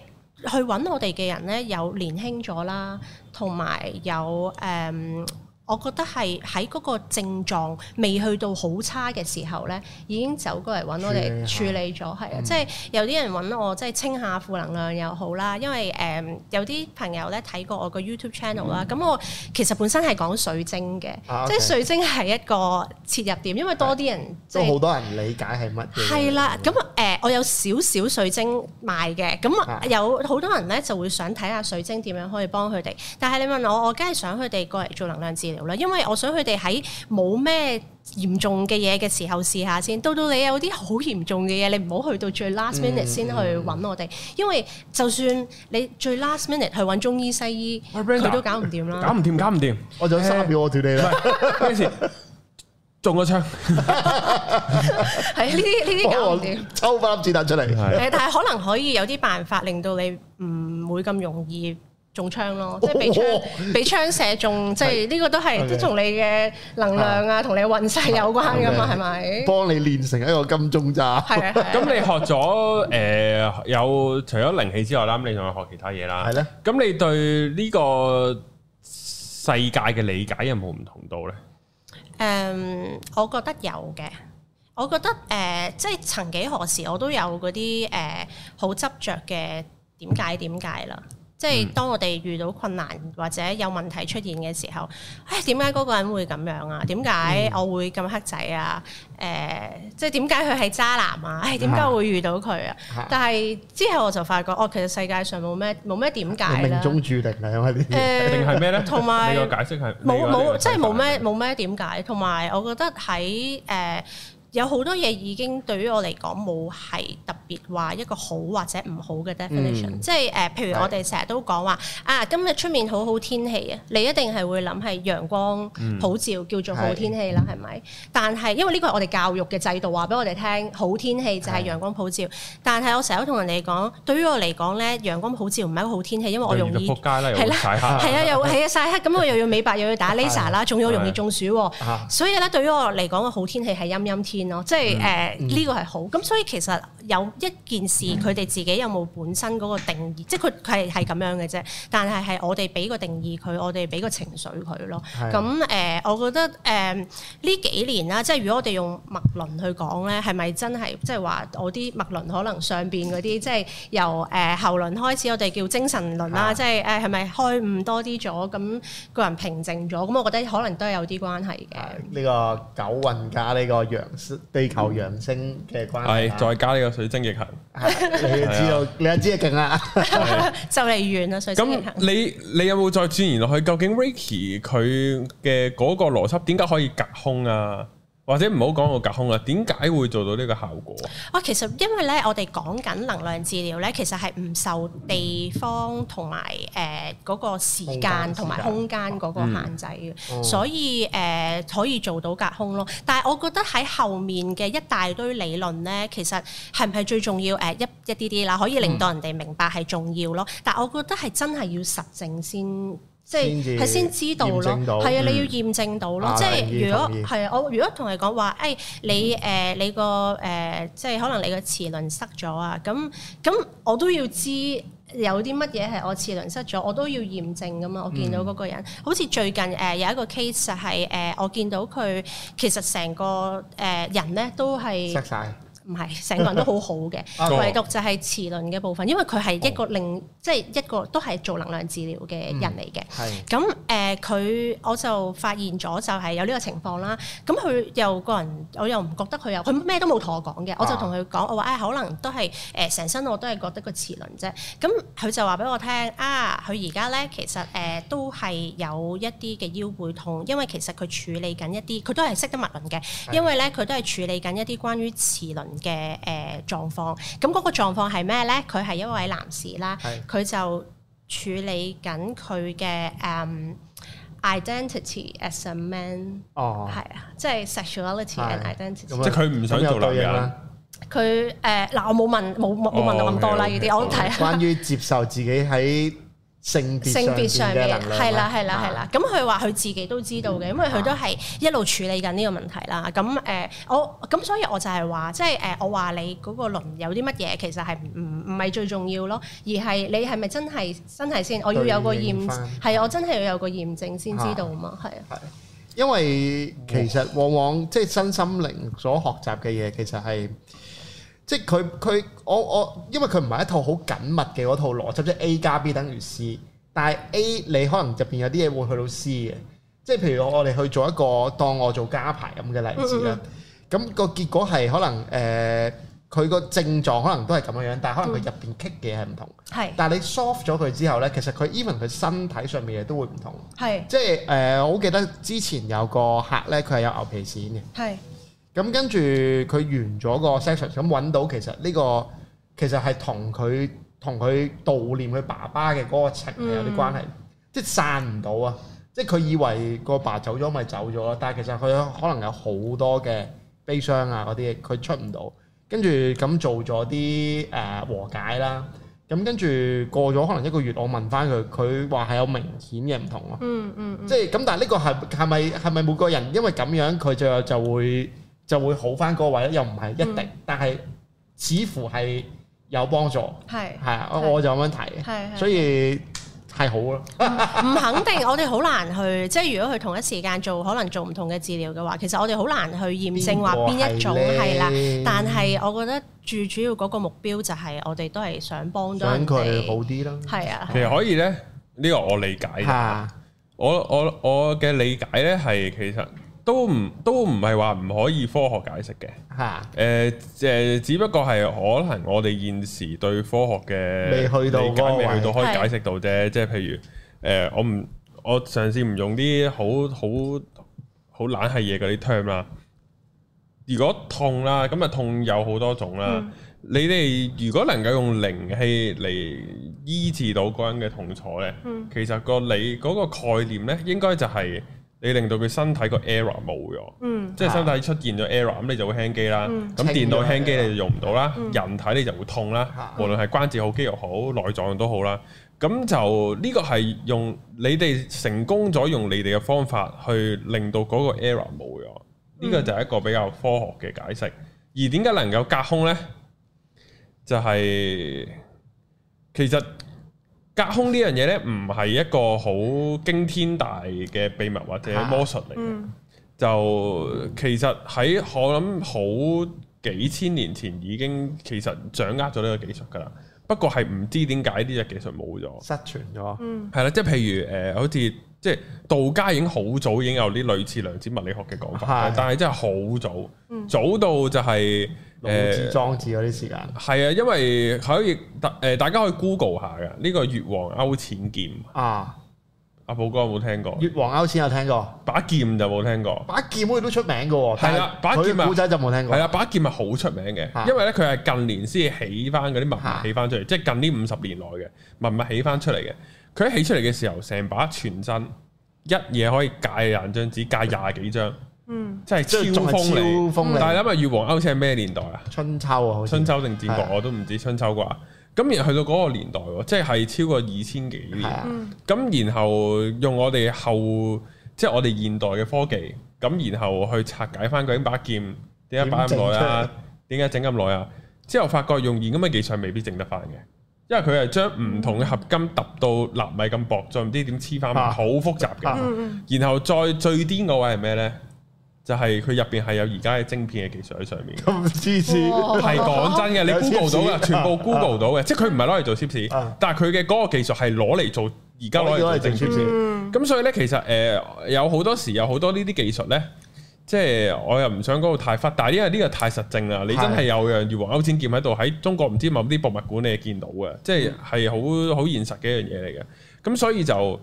去搵我哋嘅人咧，有年輕咗啦，同埋有誒。嗯我覺得係喺嗰個症狀未去到好差嘅時候咧，已經走過嚟搵我哋處理咗，係啊，的嗯、即係有啲人搵我，即係清下負能量又好啦。因為誒、嗯、有啲朋友咧睇過我個 YouTube channel 啦，咁、嗯、我其實本身係講水晶嘅，啊 okay、即係水晶係一個切入點，因為多啲人即係都好多人理解係乜嘢？係啦，咁、呃、誒我有少少水晶賣嘅，咁的有好多人咧就會想睇下水晶點樣可以幫佢哋。但係你問我，我梗係想佢哋過嚟做能量治療。啦，因為我想佢哋喺冇咩嚴重嘅嘢嘅時候試下先，到到你有啲好嚴重嘅嘢，你唔好去到最 last minute 先去揾我哋，因為就算你最 last minute 去揾中醫西醫，佢都搞唔掂啦，搞唔掂，搞唔掂，我就三秒我斷你，幾時中咗槍？係呢啲呢啲搞唔掂，抽翻粒子彈出嚟。係，但係可能可以有啲辦法令到你唔會咁容易。中槍咯，即係俾槍俾槍射中，即係呢個都係都同你嘅能量啊，同你運勢有關㗎嘛，係咪？幫你練成一個金鐘罩。係係。咁你學咗誒有除咗靈氣之外啦，咁你仲有學其他嘢啦。係咧。咁你對呢個世界嘅理解有冇唔同到咧？誒，我覺得有嘅。我覺得誒，即係曾幾何時，我都有嗰啲誒好執著嘅點解點解啦。即係當我哋遇到困難或者有問題出現嘅時候，唉、哎，點解嗰個人會咁樣啊？點解我會咁黑仔啊？誒、呃，即係點解佢係渣男啊？唉，點解會遇到佢啊？嗯、但係之後我就發覺，哦，其實世界上冇咩冇咩點解命中注定，係嘛，啲誒係咩咧？同埋你個解釋係冇冇即係冇咩冇咩點解？同埋、啊、我覺得喺誒。呃有好多嘢已經對於我嚟講冇係特別話一個好或者唔好嘅 definition，即係誒，譬如我哋成日都講話啊，今日出面好好天氣啊，你一定係會諗係陽光普照叫做好天氣啦，係咪？但係因為呢個係我哋教育嘅制度話俾我哋聽，好天氣就係陽光普照。但係我成日都同人哋講，對於我嚟講咧，陽光普照唔係一個好天氣，因為我容易撲街啦，係啊，又係啊曬黑，咁我又要美白又要打 Laser 啦，仲要容易中暑，所以咧對於我嚟講個好天氣係陰陰天。即係誒呢個係好，咁所以其實。有一件事，佢哋、嗯、自己有冇本身嗰個定義，即係佢佢係係咁樣嘅啫。但係係我哋俾個定義佢，我哋俾個情緒佢咯。咁誒的、呃、我覺得誒呢、呃、幾年啦，即係如果我哋用脈輪去講咧，係咪真係即係話我啲脈輪可能上邊嗰啲，即、就、係、是、由誒、呃、喉輪開始，我哋叫精神輪啦。即係誒係咪開悟多啲咗？咁、那個人平靜咗，咁我覺得可能都係有啲關係嘅。呢、這個九運加呢個陽星、地球陽星嘅關係、啊。再加呢、這個。 水晶亦恒，你要知道你知姐勁啊，就嚟完啦！水晶亦恒，你你有冇再鑽研落去？究竟 Reiki 佢嘅嗰個邏輯點解可以隔空啊？或者唔好講個隔空啦？點解會做到呢個效果啊、哦？其實因為咧，我哋講緊能量治療咧，其實係唔受地方同埋誒嗰個時間同埋空間嗰個限制嘅，空間時間嗯嗯、所以誒、呃、可以做到隔空咯。但係我覺得喺後面嘅一大堆理論咧，其實係唔係最重要？誒、呃、一一啲啲啦，可以令到人哋明白係重要咯。嗯、但係我覺得係真係要實證先。即係先知道咯，係啊，你要驗證到咯。嗯、即係如果係啊我如果同人講話，誒、哎、你誒、呃、你個誒、呃、即係可能你個齒輪塞咗啊，咁咁我都要知有啲乜嘢係我齒輪塞咗，我都要驗證噶嘛。我見到嗰個人，嗯、好似最近誒、呃、有一個 case 就係誒我見到佢其實成個誒人咧都係塞晒。唔係，成個人都好好嘅， 啊、唯獨就係臍輪嘅部分，因為佢係一個另、哦、即係一個都係做能量治療嘅人嚟嘅。咁誒、嗯，佢、呃、我就發現咗，就係有呢個情況啦。咁佢又個人，我又唔覺得佢有佢咩都冇同我講嘅。啊，我就同佢講，我話誒可能都係誒成身我都係覺得個臍輪啫。咁佢就話俾我聽啊，佢而家咧其實誒、呃、都係有一啲嘅腰背痛，因為其實佢處理緊一啲，佢都係識得物輪嘅，因為咧佢都係處理緊一啲關於臍輪。嘅誒狀況，咁、那、嗰個狀況係咩咧？佢係一位男士啦，佢是就處理緊佢嘅誒 identity as a man，哦，係啊、就是，即係 sexuality and identity，即係佢唔想做男人。佢誒嗱，我冇問冇冇、哦 okay, okay，問到咁多啦，呢啲我睇下。關於接受自己喺。 性別上面嘅，係啦，係啦，係啦，咁佢話佢自己都知道嘅，嗯、因為佢都係一路處理緊呢個問題啦。咁誒、嗯呃，我咁所以我就係話，即係誒，我話你嗰個輪有啲乜嘢，其實係唔唔係最重要咯，而係你係咪真係真係先，應我要有個驗，係的我真係要有個驗證先知道啊嘛，係啊。係，因為其實往往即係、就是、身心靈所學習嘅嘢，其實係。即佢佢我我，因為佢唔係一套好緊密嘅嗰套邏輯，即係 A 加 B 等於 C，但係 A 你可能入邊有啲嘢會去到 C 嘅，即係譬如我哋去做一個當我做家排」咁嘅例子啦，咁、嗯、個結果係可能誒，佢、呃、個症狀可能都係咁樣樣，但係可能佢入邊棘嘅係唔同，嗯、但係你 soft 咗佢之後呢，其實佢 even 佢身體上面嘅都會唔同，是即係誒、呃，我好記得之前有個客呢，佢係有牛皮癬嘅，咁跟住佢完咗個 session，咁揾到其實呢、這個其實係同佢同佢悼念佢爸爸嘅嗰個情有啲關係、嗯，即散唔到啊！即係佢以為個爸走咗咪、就是、走咗咯，但係其實佢可能有好多嘅悲傷啊嗰啲嘢，佢出唔到，跟住咁做咗啲誒和解啦。咁跟住過咗可能一個月，我問翻佢，佢話係有明顯嘅唔同咯。嗯嗯嗯，即係咁，但係呢個係係咪係咪每個人因為咁樣佢就就會？就會好翻嗰個位，又唔係一定，嗯、但係似乎係有幫助，係係啊，我就咁樣睇，係係係所以係好咯。唔 肯定，我哋好難去即係如果佢同一時間做，可能做唔同嘅治療嘅話，其實我哋好難去驗證話邊一種係啦。但係我覺得最主要嗰個目標就係我哋都係想幫到佢好啲啦。係啊，啊其實可以咧，呢、呢個我理解。我我我嘅理解咧係其實。都唔都唔係話唔可以科學解釋嘅，嚇誒誒，只不過係可能我哋現時對科學嘅理解未去到、未去到可以解釋到啫，是即係譬如誒、呃，我唔我嘗試唔用啲好好好懶係嘢嗰啲 term 啦。如果痛啦，咁啊痛有好多種啦。嗯、你哋如果能夠用靈氣嚟醫治到個人嘅痛楚咧，嗯、其實個理嗰、嗰個概念咧，應該就係、是。你令到佢身體個 error 冇咗，即係身體出現咗 error，咁你就會輕機啦。咁電腦輕機你就用唔到啦，人體你就會痛啦。無論係關節好、肌肉好、內臟都好啦。咁就呢個係用你哋成功咗用你哋嘅方法去令到嗰個 error 冇咗。呢個就係一個比較科學嘅解釋。而點解能夠隔空呢？就係其實。隔空呢樣嘢呢，唔係一個好驚天大嘅秘密或者魔術嚟嘅，啊嗯、就其實喺我諗好幾千年前已經其實掌握咗呢個技術噶啦，不過係唔知點解呢隻技術冇咗，失傳咗，係、嗯、啦，即係、啊、譬如誒、呃，好似即係道家已經好早已經有啲類似量子物理學嘅講法，啊、但係真係好早，嗯、早到就係、是。龍字裝字嗰啲時間係啊，因為可以誒，大家可以 Google 下嘅呢、這個越王勾踐劍啊，阿寶哥有冇聽過？越王勾踐有聽過，把劍就冇聽過。把劍好似都出名嘅喎，係啦、啊，把劍古仔就冇聽過，係啦、啊啊啊，把劍咪好出名嘅。因為咧，佢係近年先起翻嗰啲文物起翻出嚟，啊、即係近呢五十年來嘅文物起翻出嚟嘅。佢一起出嚟嘅時候，成把全真一嘢可以戒廿張紙，戒廿幾張。 嗯、即真係超鋒利，風利，嗯、但係諗下越王勾踐係咩年代啊？春秋啊，好春秋定戰國、啊、我都唔知春秋啩。咁而去到嗰個年代，即、就、係、是、超過二千幾年。咁、啊、然後用我哋後，即、就、係、是、我哋現代嘅科技，咁然後去拆解翻究竟把劍點解擺咁耐啊？點解整咁耐啊？之後發覺用現今嘅技術未必整得翻嘅，因為佢係將唔同嘅合金揼到納米咁薄，再唔知點黐翻，好、嗯、複雜嘅。嗯嗯、然後再最癲嗰位係咩呢？就係佢入邊係有而家嘅晶片嘅技術喺上面。咁黐線，係講真嘅，你 Google 到啦，全部 Google 到嘅，啊、即係佢唔係攞嚟做攝氏，啊、但係佢嘅嗰個技術係攞嚟做而家攞嚟做攝氏。咁、嗯、所以咧，其實誒、呃、有好多時有好多呢啲技術咧，即係我又唔想講到太發達，因為呢個太實證啦。你真係有樣越王勾踐劍喺度喺中國，唔知某啲博物館你見到嘅，即係係好好現實嘅一樣嘢嚟嘅。咁所以就誒、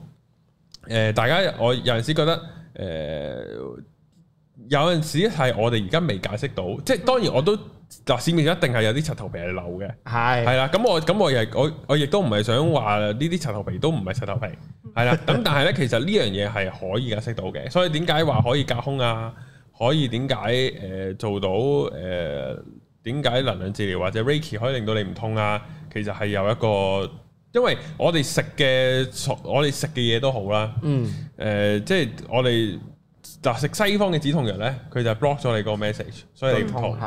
呃，大家我有陣時覺得誒。呃呃有陣時係我哋而家未解釋到，即係當然我都嗱，市面上一定係有啲柒頭皮係流嘅，係係啦。咁我咁我亦我我亦都唔係想話呢啲柒頭皮都唔係柒頭皮，係啦。咁但係咧， 其實呢樣嘢係可以解釋到嘅。所以點解話可以隔空啊？可以點解誒做到誒點解能量治療或者 Reiki 可以令到你唔痛啊？其實係有一個，因為我哋食嘅我哋食嘅嘢都好啦，嗯誒、呃，即係我哋。嗱，食西方嘅止痛藥咧，佢就 block 咗你個 message，所以你唔痛。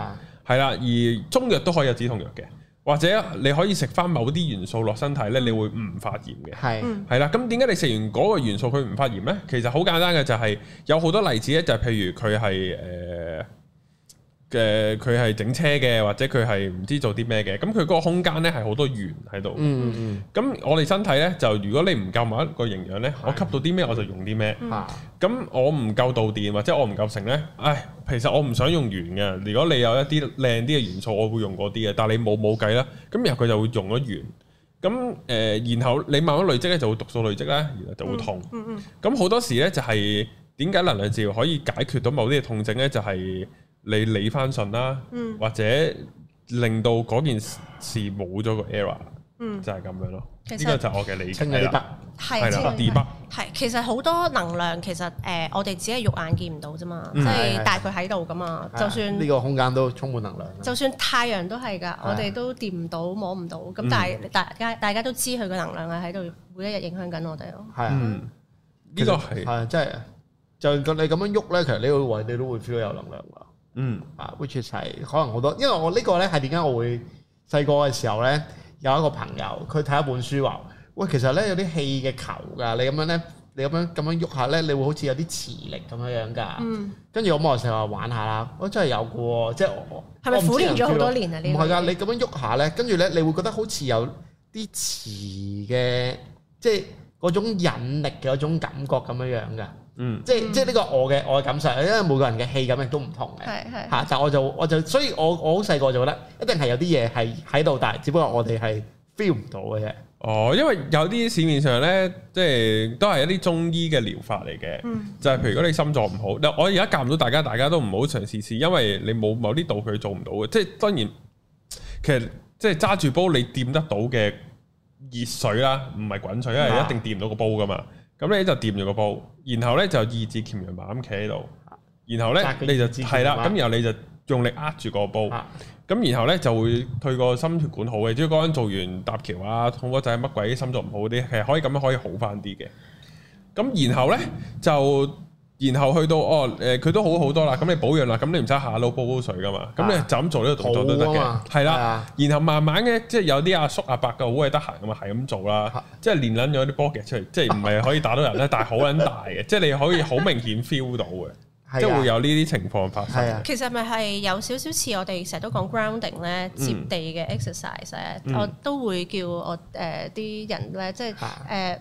係啦，而中藥都可以有止痛藥嘅，或者你可以食翻某啲元素落身體咧，你會唔發炎嘅。係是，係啦，咁點解你食完嗰個元素佢唔發炎咧？其實好簡單嘅就係、是、有好多例子咧，就係、是、譬如佢係誒。呃誒佢係整車嘅，或者佢係唔知做啲咩嘅。咁佢嗰個空間咧係好多鉛喺度。嗯嗯。咁我哋身體咧，就如果你唔夠某一個營養咧，的我吸到啲咩我就用啲咩。咁的我唔夠導電或者我唔夠成咧，唉，其實我唔想用鉛嘅。如果你有一啲靚啲嘅元素，我會用嗰啲嘅。但係你冇冇計啦。咁然後佢就會用咗鉛。咁誒、呃，然後你慢慢累積咧就會毒素累積啦，然後就會痛。咁好、嗯嗯嗯、多時咧就係點解能量治療可以解決到某啲嘅痛症咧？就係、是。你理翻順啦，或者令到嗰件事冇咗個 error，就係咁樣咯。呢個就我嘅理解。清嘅，係啦。電波係其實好多能量，其實誒，我哋只係肉眼見唔到啫嘛，即係但係佢喺度噶嘛。就算呢個空間都充滿能量，就算太陽都係㗎，我哋都掂唔到、摸唔到。咁但係大家大家都知佢嘅能量係喺度，每一日影響緊我哋咯。係啊，呢個係係即係就咁你咁樣喐咧，其實呢個位你都會 feel 有能量㗎。嗯，啊，which is 係可能好多，因為我呢個咧係點解我會細個嘅時候咧有一個朋友佢睇一本書話，喂，其實咧有啲氣嘅球㗎，你咁樣咧，你咁樣咁樣喐下咧，你會好似有啲磁力咁樣樣㗎。跟住、嗯、我冇成日玩下啦，我、哦、真係有㗎喎，即係。係咪苦練咗好多年啊？呢啲，唔係㗎，你咁樣喐下咧，跟住咧你會覺得好似有啲磁嘅，即係嗰種引力嘅一種感覺咁樣樣㗎。嗯即，即係即係呢個我嘅我嘅感受，因為每個人嘅氣感亦都唔同嘅，係係嚇。但我就我就所以，我我好細個就覺得一定係有啲嘢係喺度，但係只不過我哋係 feel 唔到嘅啫。哦，因為有啲市面上咧，即係都係一啲中醫嘅療法嚟嘅，嗯、就係譬如如果你心臟唔好，嗱、嗯、我而家教唔到大家，大家都唔好嘗試試，因為你冇某啲道具做唔到嘅。即係當然，其實即係揸住煲你掂得到嘅熱水啦，唔係滾水，因為一定掂唔到個煲噶嘛。啊咁你就掂住個煲，然後咧就二字鉗羊板咁企喺度，然後咧、嗯、你就係啦，咁、嗯、然後你就用力扼住個煲，咁、嗯、然後咧就會退個心血管好嘅，只要嗰陣做完搭橋啊，痛過仔乜鬼心臟唔好啲，其實可以咁樣可以好翻啲嘅。咁然後咧就。然後去到哦，誒、呃、佢都好好多啦，咁你保養啦，咁你唔使下爐煲煲水噶嘛，咁、啊、你就咁做呢個動作都得嘅，係啦。然後慢慢嘅，即係有啲阿叔阿伯嘅好鬼得閒嘅嘛，係咁做啦，的即係練撚咗啲波擊出嚟，即係唔係可以打到人咧， 但係好撚大嘅，即係 你可以好明顯 feel 到嘅。即係會有呢啲情況發生。其實咪係有少少似我哋成日都講 grounding 咧，接地嘅 exercise 咧，我都會叫我誒啲人咧，即係誒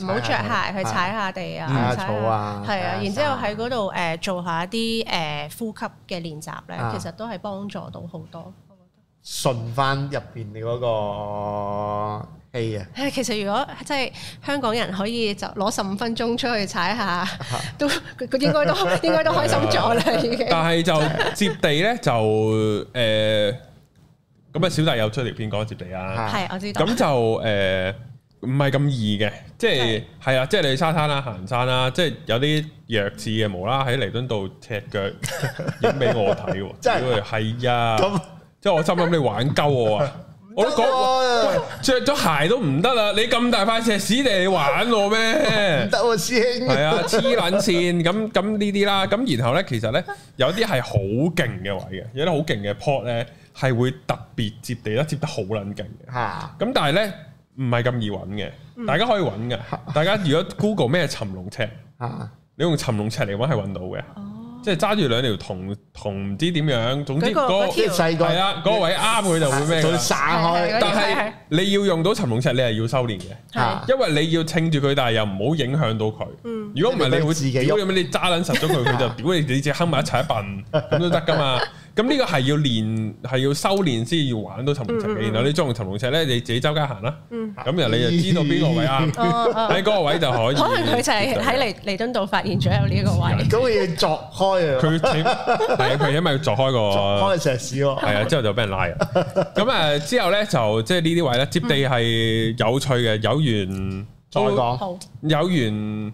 唔好着鞋去踩下地啊，踩下草啊。係啊，然之後喺嗰度誒做下啲誒呼吸嘅練習咧，其實都係幫助到好多。順翻入邊你嗰個。係啊，其實如果即係香港人可以就攞十五分鐘出去踩下，都佢應該都應該都開心咗啦。已經，但係就接地咧就誒，咁、呃、啊小弟有出條片講接地啊？係，我知道。咁就誒，唔係咁易嘅，即係係的、就是、啊，即係你去沙灘啦、行山啦、啊，即、就、係、是、有啲弱智嘅無啦喺彌敦道踢腳影俾我睇，即係係啊，即係我心諗你玩鳩我啊！ 啊、我都講，着咗鞋都唔得、啊啊、啦！你咁大塊石屎地玩我咩？唔得啊，師兄係啊，黐捻線咁咁呢啲啦。咁然後咧，其實咧有啲係好勁嘅位嘅，有啲好勁嘅 port 咧係會特別接地啦，接得好捻勁嘅。吓咁但係咧唔係咁易揾嘅，嗯、大家可以揾嘅。大家如果 Google 咩尋龍尺，你用尋龍尺嚟揾係揾到嘅。即係揸住兩條銅銅唔知點樣，總之、那個細、那個係啊，嗰、那個、位啱佢就會咩？佢散開，但係你要用到尋龍石，你係要修煉嘅，的因為你要撐住佢，但係又唔好影響到佢。如果唔係，你會、嗯、你自己，如果你揸捻實咗佢，佢、嗯、就如果你你只坑埋一齊笨，咁都得㗎嘛？ 咁呢個係要練，係要修煉先要玩到尋龍、嗯嗯、石。然後你鍾意尋龍石咧，你自己周街行啦。咁然後你就知道邊個位啱，喺、哦哦、個位就可以。可能佢就係喺彌彌敦道發現咗有呢一個位。咁要鑿開啊！佢係佢因為要鑿開個鑿開石屎，係啊 之後就俾人拉。咁啊之後咧就即係呢啲位咧，接地係有趣嘅，有緣再講講，好有緣。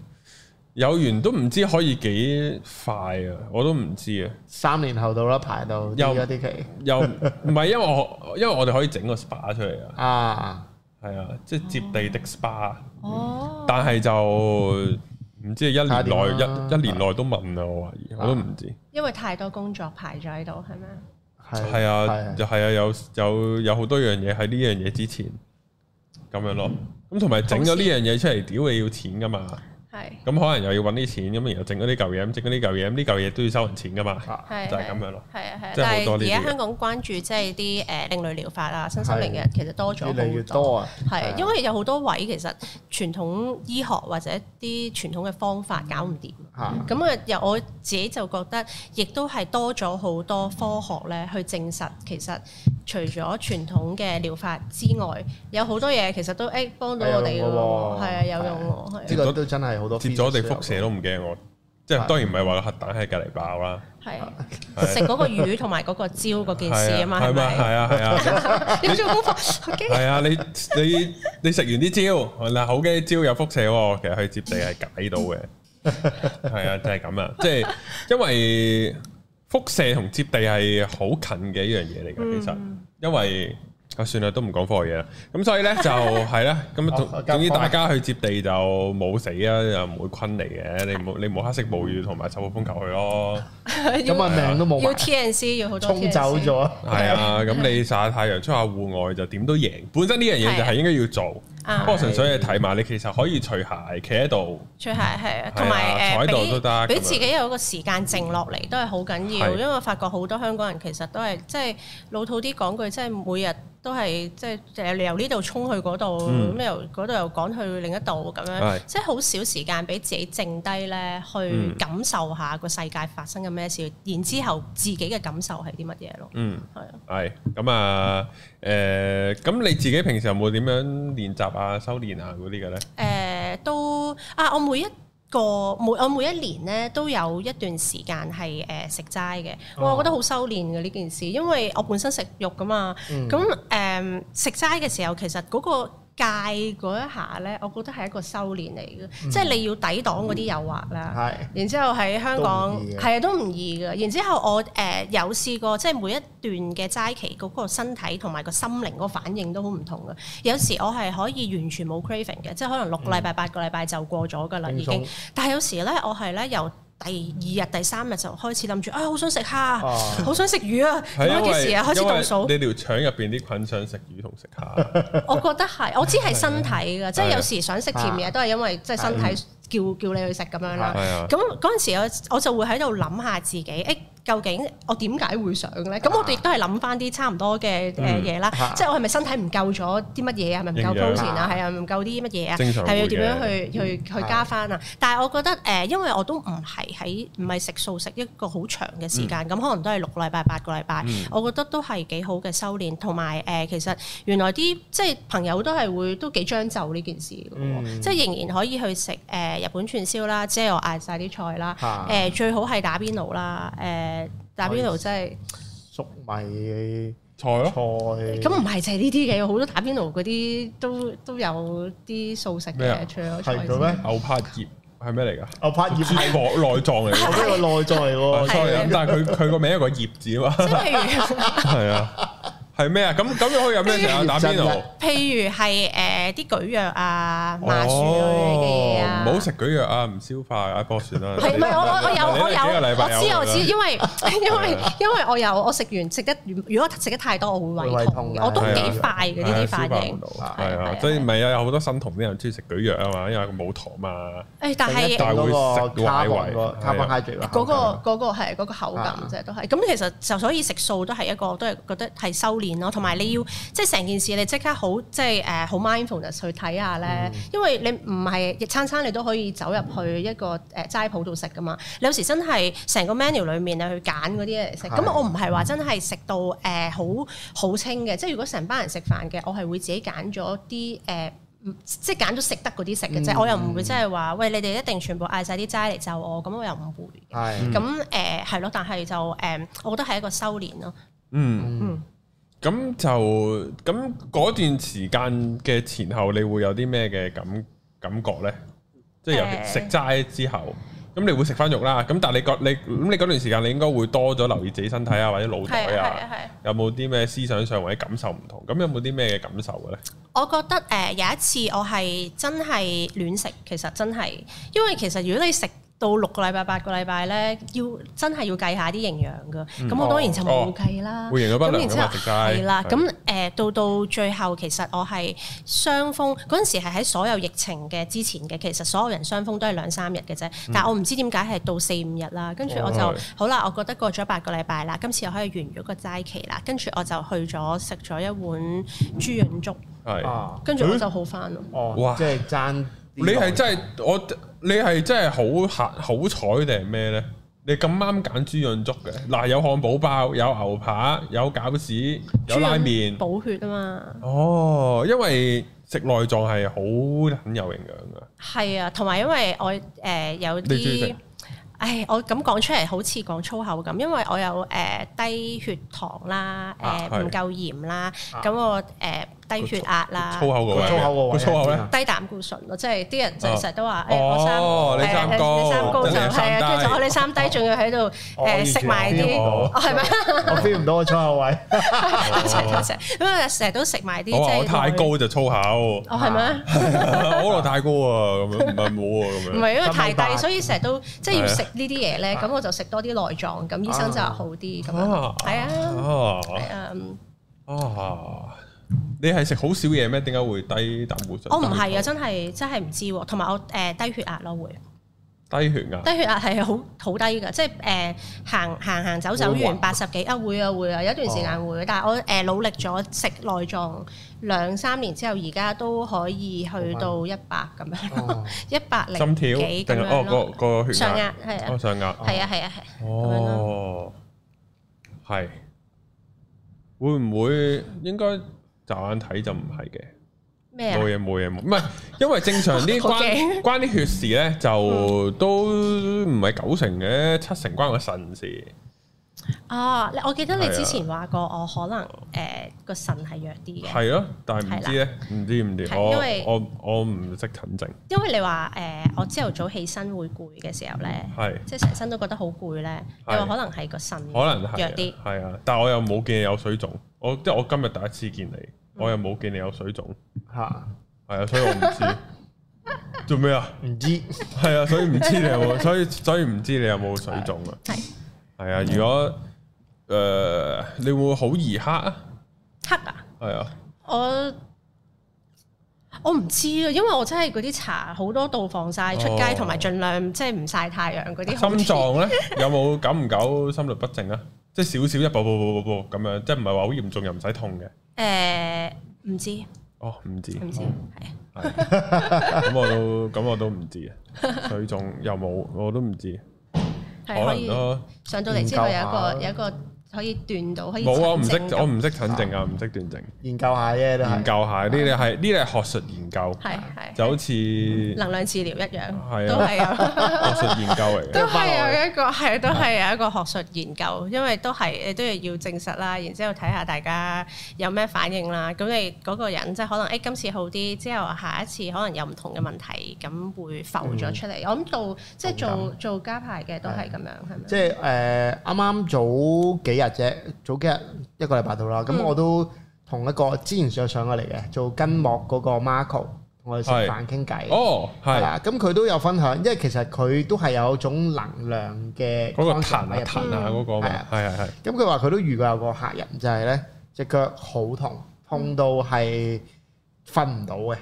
有完都唔知可以幾快啊！我都唔知啊。三年後到啦，排到依家啲期。又唔係因為我，因為我哋可以整個 SPA 出嚟啊。啊，係啊，即係接地的 SPA。哦。但係就唔、嗯、知一年內一一年內都問啊。我懷疑，我都唔知。因為太多工作排咗喺度，係咪？係啊，就係啊，有有有好多樣嘢喺呢樣嘢之前，咁樣咯。咁同埋整咗呢樣嘢出嚟，屌你要錢噶嘛？係，咁可能又要揾啲錢，咁然後整嗰啲舊嘢，咁整嗰啲舊嘢，咁呢舊嘢都要收人錢噶嘛，係就係咁樣咯。係啊係啊，但係而家香港關注即係啲誒另類療法啊、身心靈嘅，係其實多咗越嚟越多啊！係啊，因為有好多位其實傳統醫學或者啲傳統嘅方法搞唔掂，咁啊係，由我自己就覺得，亦都係多咗好多科學咧去證實其實。除咗傳統嘅療法之外，有好多嘢其實都誒幫到我哋嘅喎，係啊有用啊。An，有用啊、有有用接咗都真係好多，接咗地輻射都唔驚我，即係、喔、當然唔係話核彈喺隔籬爆啦。係食嗰個魚同埋嗰個蕉嗰件事啊嘛，係咪？係啊係啊，係啊，啊，啊，啊你啊你你食完啲蕉嗱好嘅蕉有輻射喎，啊、其實去接地係解到嘅，係啊就係咁啊，即係因為。輻射同接地係好近嘅一樣嘢嚟嘅。其實、嗯、因為啊算啦，都唔講科學嘢啦。咁所以咧就係咧，咁啊 總之大家去接地就冇死啊，又唔會坤你嘅。你冇你冇黑色暴雨同埋臭風球去咯，咁啊命都冇要 T N C 要好多 C，沖走咗，係啊。咁你曬太陽，出下戶外就點都贏。本身呢樣嘢就係應該要做。 啊！不過純粹係睇埋，你其實可以除鞋企喺度，除鞋係啊，同埋坐喺度都得。俾自己有個時間靜落嚟都係好緊要，因為我發覺好多香港人其實都係即係老土啲講句，即係每日都係即係由呢度衝去嗰度，咁由嗰度又趕去另一度咁樣，即係好少時間俾自己靜低咧去感受下個世界發生嘅咩事，然之後自己嘅感受係啲乜嘢咯。嗯，係啊，係咁啊，誒咁你自己平時有冇點樣練習？啊，修練啊嗰啲嘅咧？誒、呃，都啊，我每一個每我每一年咧都有一段時間係誒、呃、食齋嘅，哦、我覺得好修練嘅呢件事，因為我本身食肉噶嘛，咁誒、嗯呃、食齋嘅時候其實嗰、嗰個。戒嗰一下咧，我覺得係一個修煉嚟嘅，嗯、即係你要抵擋嗰啲誘惑啦。係、嗯。然之後喺香港係啊都唔易㗎。然之後我誒有試過，即係每一段嘅齋期嗰個身體同埋個心靈個反應都好唔同㗎。有時我係可以完全冇 craving 嘅，即係可能六個禮拜、嗯、八個禮拜就過咗㗎啦，已經。正確。但係有時咧，我係咧由，第二日、第三日就開始諗住，啊、哎、好想食蝦，好、啊、想食魚啊！咁幾時啊？開始倒數。呢條腸入邊啲菌想食魚同食蝦？ 我覺得係，我知係身體㗎，即係的有時想食甜嘢的都係因為即係身體叫的叫你去食咁樣啦。咁嗰陣時我我就會喺度諗下自己，誒、欸。究竟我點解會想咧？咁我哋都係諗翻啲差唔多嘅誒嘢啦，啊嗯啊、即係我係咪身體唔夠咗啲乜嘢啊？唔夠高錢啊？係啊，唔夠啲乜嘢啊？係要點樣去去去加翻啊？但係我覺得誒、呃，因為我都唔係喺唔係食素食一個好長嘅時間，咁、嗯嗯嗯、可能都係六個禮拜、八個禮拜，嗯、我覺得都係幾好嘅修練。同埋誒，其實原來啲即係朋友都係會都幾將就呢件事嘅，嗯嗯、即係仍然可以去食誒、呃、日本串燒啦，即係我嗌晒啲菜啦，誒、呃、最好係打邊爐啦，誒、呃。呃呃打邊爐真係粟米菜咯，菜咁唔係就係呢啲嘅，好多打邊爐嗰啲都都有啲素食嘅嘢出嚟係嘅咩？麼牛柏葉係咩嚟㗎？牛柏葉係內臟嚟嘅。我覺得係內臟嚟嘅喎。sorry 的 但係佢佢個名一個葉字嘛？係啊。係咩啊？咁咁樣可以有咩成日打邊爐？譬如係誒啲蒟蒻啊、麻薯嗰啲嘢啊，唔好食蒟蒻啊，唔消化啊，嗰算啦。係唔係？我我我有我有我知我知，因為因為因為我有我食完食得，如果食得太多，我會胃痛。我都幾快嘅呢啲反應係啊，所以唔係啊，有好多新同啲人中意食蒟蒻啊嘛，因為佢冇糖嘛。誒，但係但會食下胃，卡崩開嘴啊！嗰個嗰個係嗰個口感啫，都係。咁其實就所以食素都係一個，都係覺得係收斂。同埋你要即係成件事，你即刻好即係誒好 mindful 去睇下咧，因為你唔係餐餐你都可以走入去一個誒齋鋪度食噶嘛。你有時真係成個 menu 裏面你去揀嗰啲嚟食，咁我唔係話真係食到誒好好清嘅。即係如果成班人食飯嘅，我係會自己揀咗啲誒，即係揀咗食得嗰啲食嘅啫。我又唔會真係話，喂你哋一定全部嗌晒啲齋嚟就我，咁我又唔會。係咁誒，係咯，但係就誒，我覺得係一個修煉咯。嗯。咁就咁嗰段時間嘅前後，你會有啲咩嘅感感覺呢？即係尤其食齋之後，咁、呃、你會食翻肉啦。咁但係你覺你咁你嗰段時間，你應該會多咗留意自己身體啊，或者腦袋啊，有冇啲咩思想上或者感受唔同？咁有冇啲咩嘅感受呢？我覺得誒、呃，有一次我係真係亂食，其實真係，因為其實如果你食。到六個禮拜八個禮拜咧，要真係要計下啲營養㗎。咁我、嗯嗯、當然就冇計啦。冇、哦、營養不良嘅話，啊、啦。咁誒的、嗯，到到最後其實我係傷風嗰陣的時係喺所有疫情嘅之前嘅，其實所有人傷風都係兩三日嘅啫。但係我唔知點解係到四五日啦。跟住我就、嗯、好啦。我覺得過咗八個禮拜啦，今次又可以完咗個齋期啦。跟住我就去咗食咗一碗豬潤粥，嗯啊、跟住我就好翻咯。哦，即係爭。嗯嗯嗯嗯嗯嗯嗯你係真係我，你係真係好幸好彩定係咩呢？你咁啱揀豬潤粥嘅，嗱、啊、有漢堡包，有牛扒，有餃子，有拉麵，補血啊嘛。哦，因為食內臟係好很有營養噶係啊，同埋因為我誒、呃、有啲，唉，我咁講出嚟，好似講粗口咁，因為我有誒、呃、低血糖啦，誒唔夠鹽啦，咁我誒。呃低血壓啦，粗口喎，粗口喎，粗口咧。低膽固醇咯，即係啲人就成日都話，誒我三高，你三高就係啊，跟住仲我你三低，仲要喺度誒食埋啲，係咪？我 feel 唔到我粗口位，我成日，我因為成日都食埋啲即係。太高就粗口，哦係咩？我話太高啊，咁樣唔係冇啊，咁樣。唔係因為太低，所以成日都即係要食呢啲嘢咧，咁我就食多啲內臟，咁醫生就話好啲咁樣，係啊，係啊，哦。你係食好少嘢咩？點解會低膽固醇？我唔係啊，真係真係唔知。同埋我誒低血壓咯，會低血壓。低血壓係好好低噶，即係誒行行行走走完八十幾啊會啊會啊有段時間會，但係我誒努力咗食內臟兩三年之後，而家都可以去到一百咁樣，一百零幾心跳定哦個個血壓係啊，上壓係啊係啊哦係會唔會應該？驟眼睇就唔係嘅，咩啊？冇嘢冇嘢冇，唔係，因為正常啲關關啲血事咧，就都唔係九成嘅，七成關個腎事。啊！我記得你之前話過，我可能誒個腎係弱啲嘅。係啊，但係唔知咧，唔知唔知。我因為我我唔識診症。因為你話誒，我朝頭早起身會攰嘅時候咧，係即係成身都覺得好攰咧。你話可能係個腎可能弱啲，係啊，但係我又冇見有水腫。我即係我今日第一次見你，我又冇見你有水腫，吓係啊，所以我唔知做咩啊，唔 知係啊，所以唔知你有冇，所以所以唔知你有冇水腫啊，係係啊，如果誒、嗯呃、你會好易黑啊黑啊係啊的，我我唔知啊，因為我真係嗰啲搽好多度防曬出街，同埋盡量即係唔曬太陽嗰啲心臟咧 有冇久唔久心律不正啊？即係少少一步步步步步。咁樣，即係唔係話好嚴重又唔使痛嘅。誒、呃，唔知、哦、知。哦，唔知的。唔知係啊。咁我都咁我都唔知啊。 水腫又冇，我都唔知。係是可，可以。上咗嚟之後有有個有個。有一個可以斷到，可以冇啊，我唔識，我唔識診症啊，唔識斷症，研究下啫，研究下呢啲係呢啲係學術研究，係係就好似能量治療一樣，係都係有學術研究嚟嘅。都係有一個係都係有一個學術研究，因為都係你都要要證實啦，然之後睇下大家有咩反應啦，咁你嗰個人即係可能誒今次好啲，之後下一次可能有唔同嘅問題，咁會浮咗出嚟。我諗做即係做做家排嘅都係咁樣，係咪？即係誒啱啱早幾幾日啫？早幾日一個禮拜到啦。咁、嗯、我都同一個之前上上過嚟嘅做筋膜嗰個 Marco，我哋食飯傾偈。哦，係啦。咁佢都有分享，因為其實佢都係有一種能量嘅嗰個騰啊騰啊嗰個。係係係。咁佢話佢都遇過有個客人，就係咧隻腳好痛，痛到係瞓唔到嘅。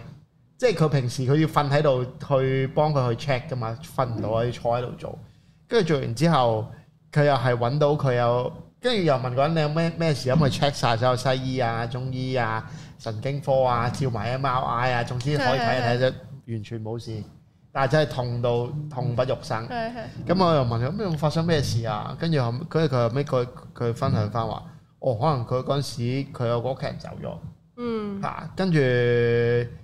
即係佢平時佢要瞓喺度去幫佢去 check 噶嘛，瞓唔到要坐喺度做。跟住、嗯、做完之後，佢又係揾到佢有。跟住又問嗰人：「你有咩咩事？」咁佢 check 曬所有西醫啊、中醫啊、神經科啊，照埋 MRI 啊，總之可以睇一睇啫，完全冇事。是是是，但係真係痛到痛不欲生。咁是、嗯、我又問佢咁發生咩事啊？跟住後，跟住佢後尾佢佢分享返話，嗯、哦，可能佢嗰陣時佢有個屋企人走咗。嗯、啊。嚇！跟住。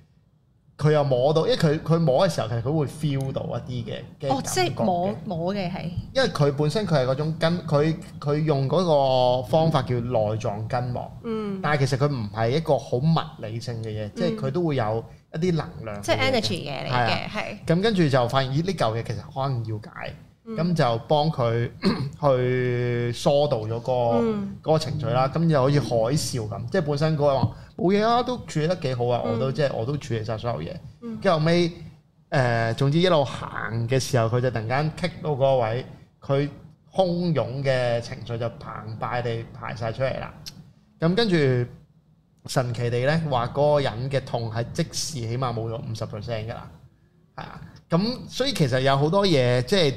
佢又摸到，因為佢佢摸嘅時候其實佢會 feel 到一啲嘅哦，即係摸摸嘅係。因為佢本身佢係嗰種佢佢用嗰個方法叫內臟筋膜。嗯。但係其實佢唔係一個好物理性嘅嘢，即係佢都會有一啲能量。即係 energy 嘅。嚟嘅係。咁跟住就發現咦，呢嚿嘢其實可能要解，咁就幫佢去疏導咗個嗰個程序啦。咁就好似海嘯咁，即係本身嗰個。冇嘢啊，oh、yeah, 都處理得幾好啊！我都即係、嗯、我都處理晒所有嘢。跟、嗯、後尾，誒、呃，總之一路行嘅時候，佢就突然間棘到個位，佢洶湧嘅情緒就澎湃地排晒出嚟啦。咁跟住神奇地呢，話嗰個人嘅痛係即時，起碼冇咗五十 percent 㗎啦。係啊，咁所以其實有好多嘢即係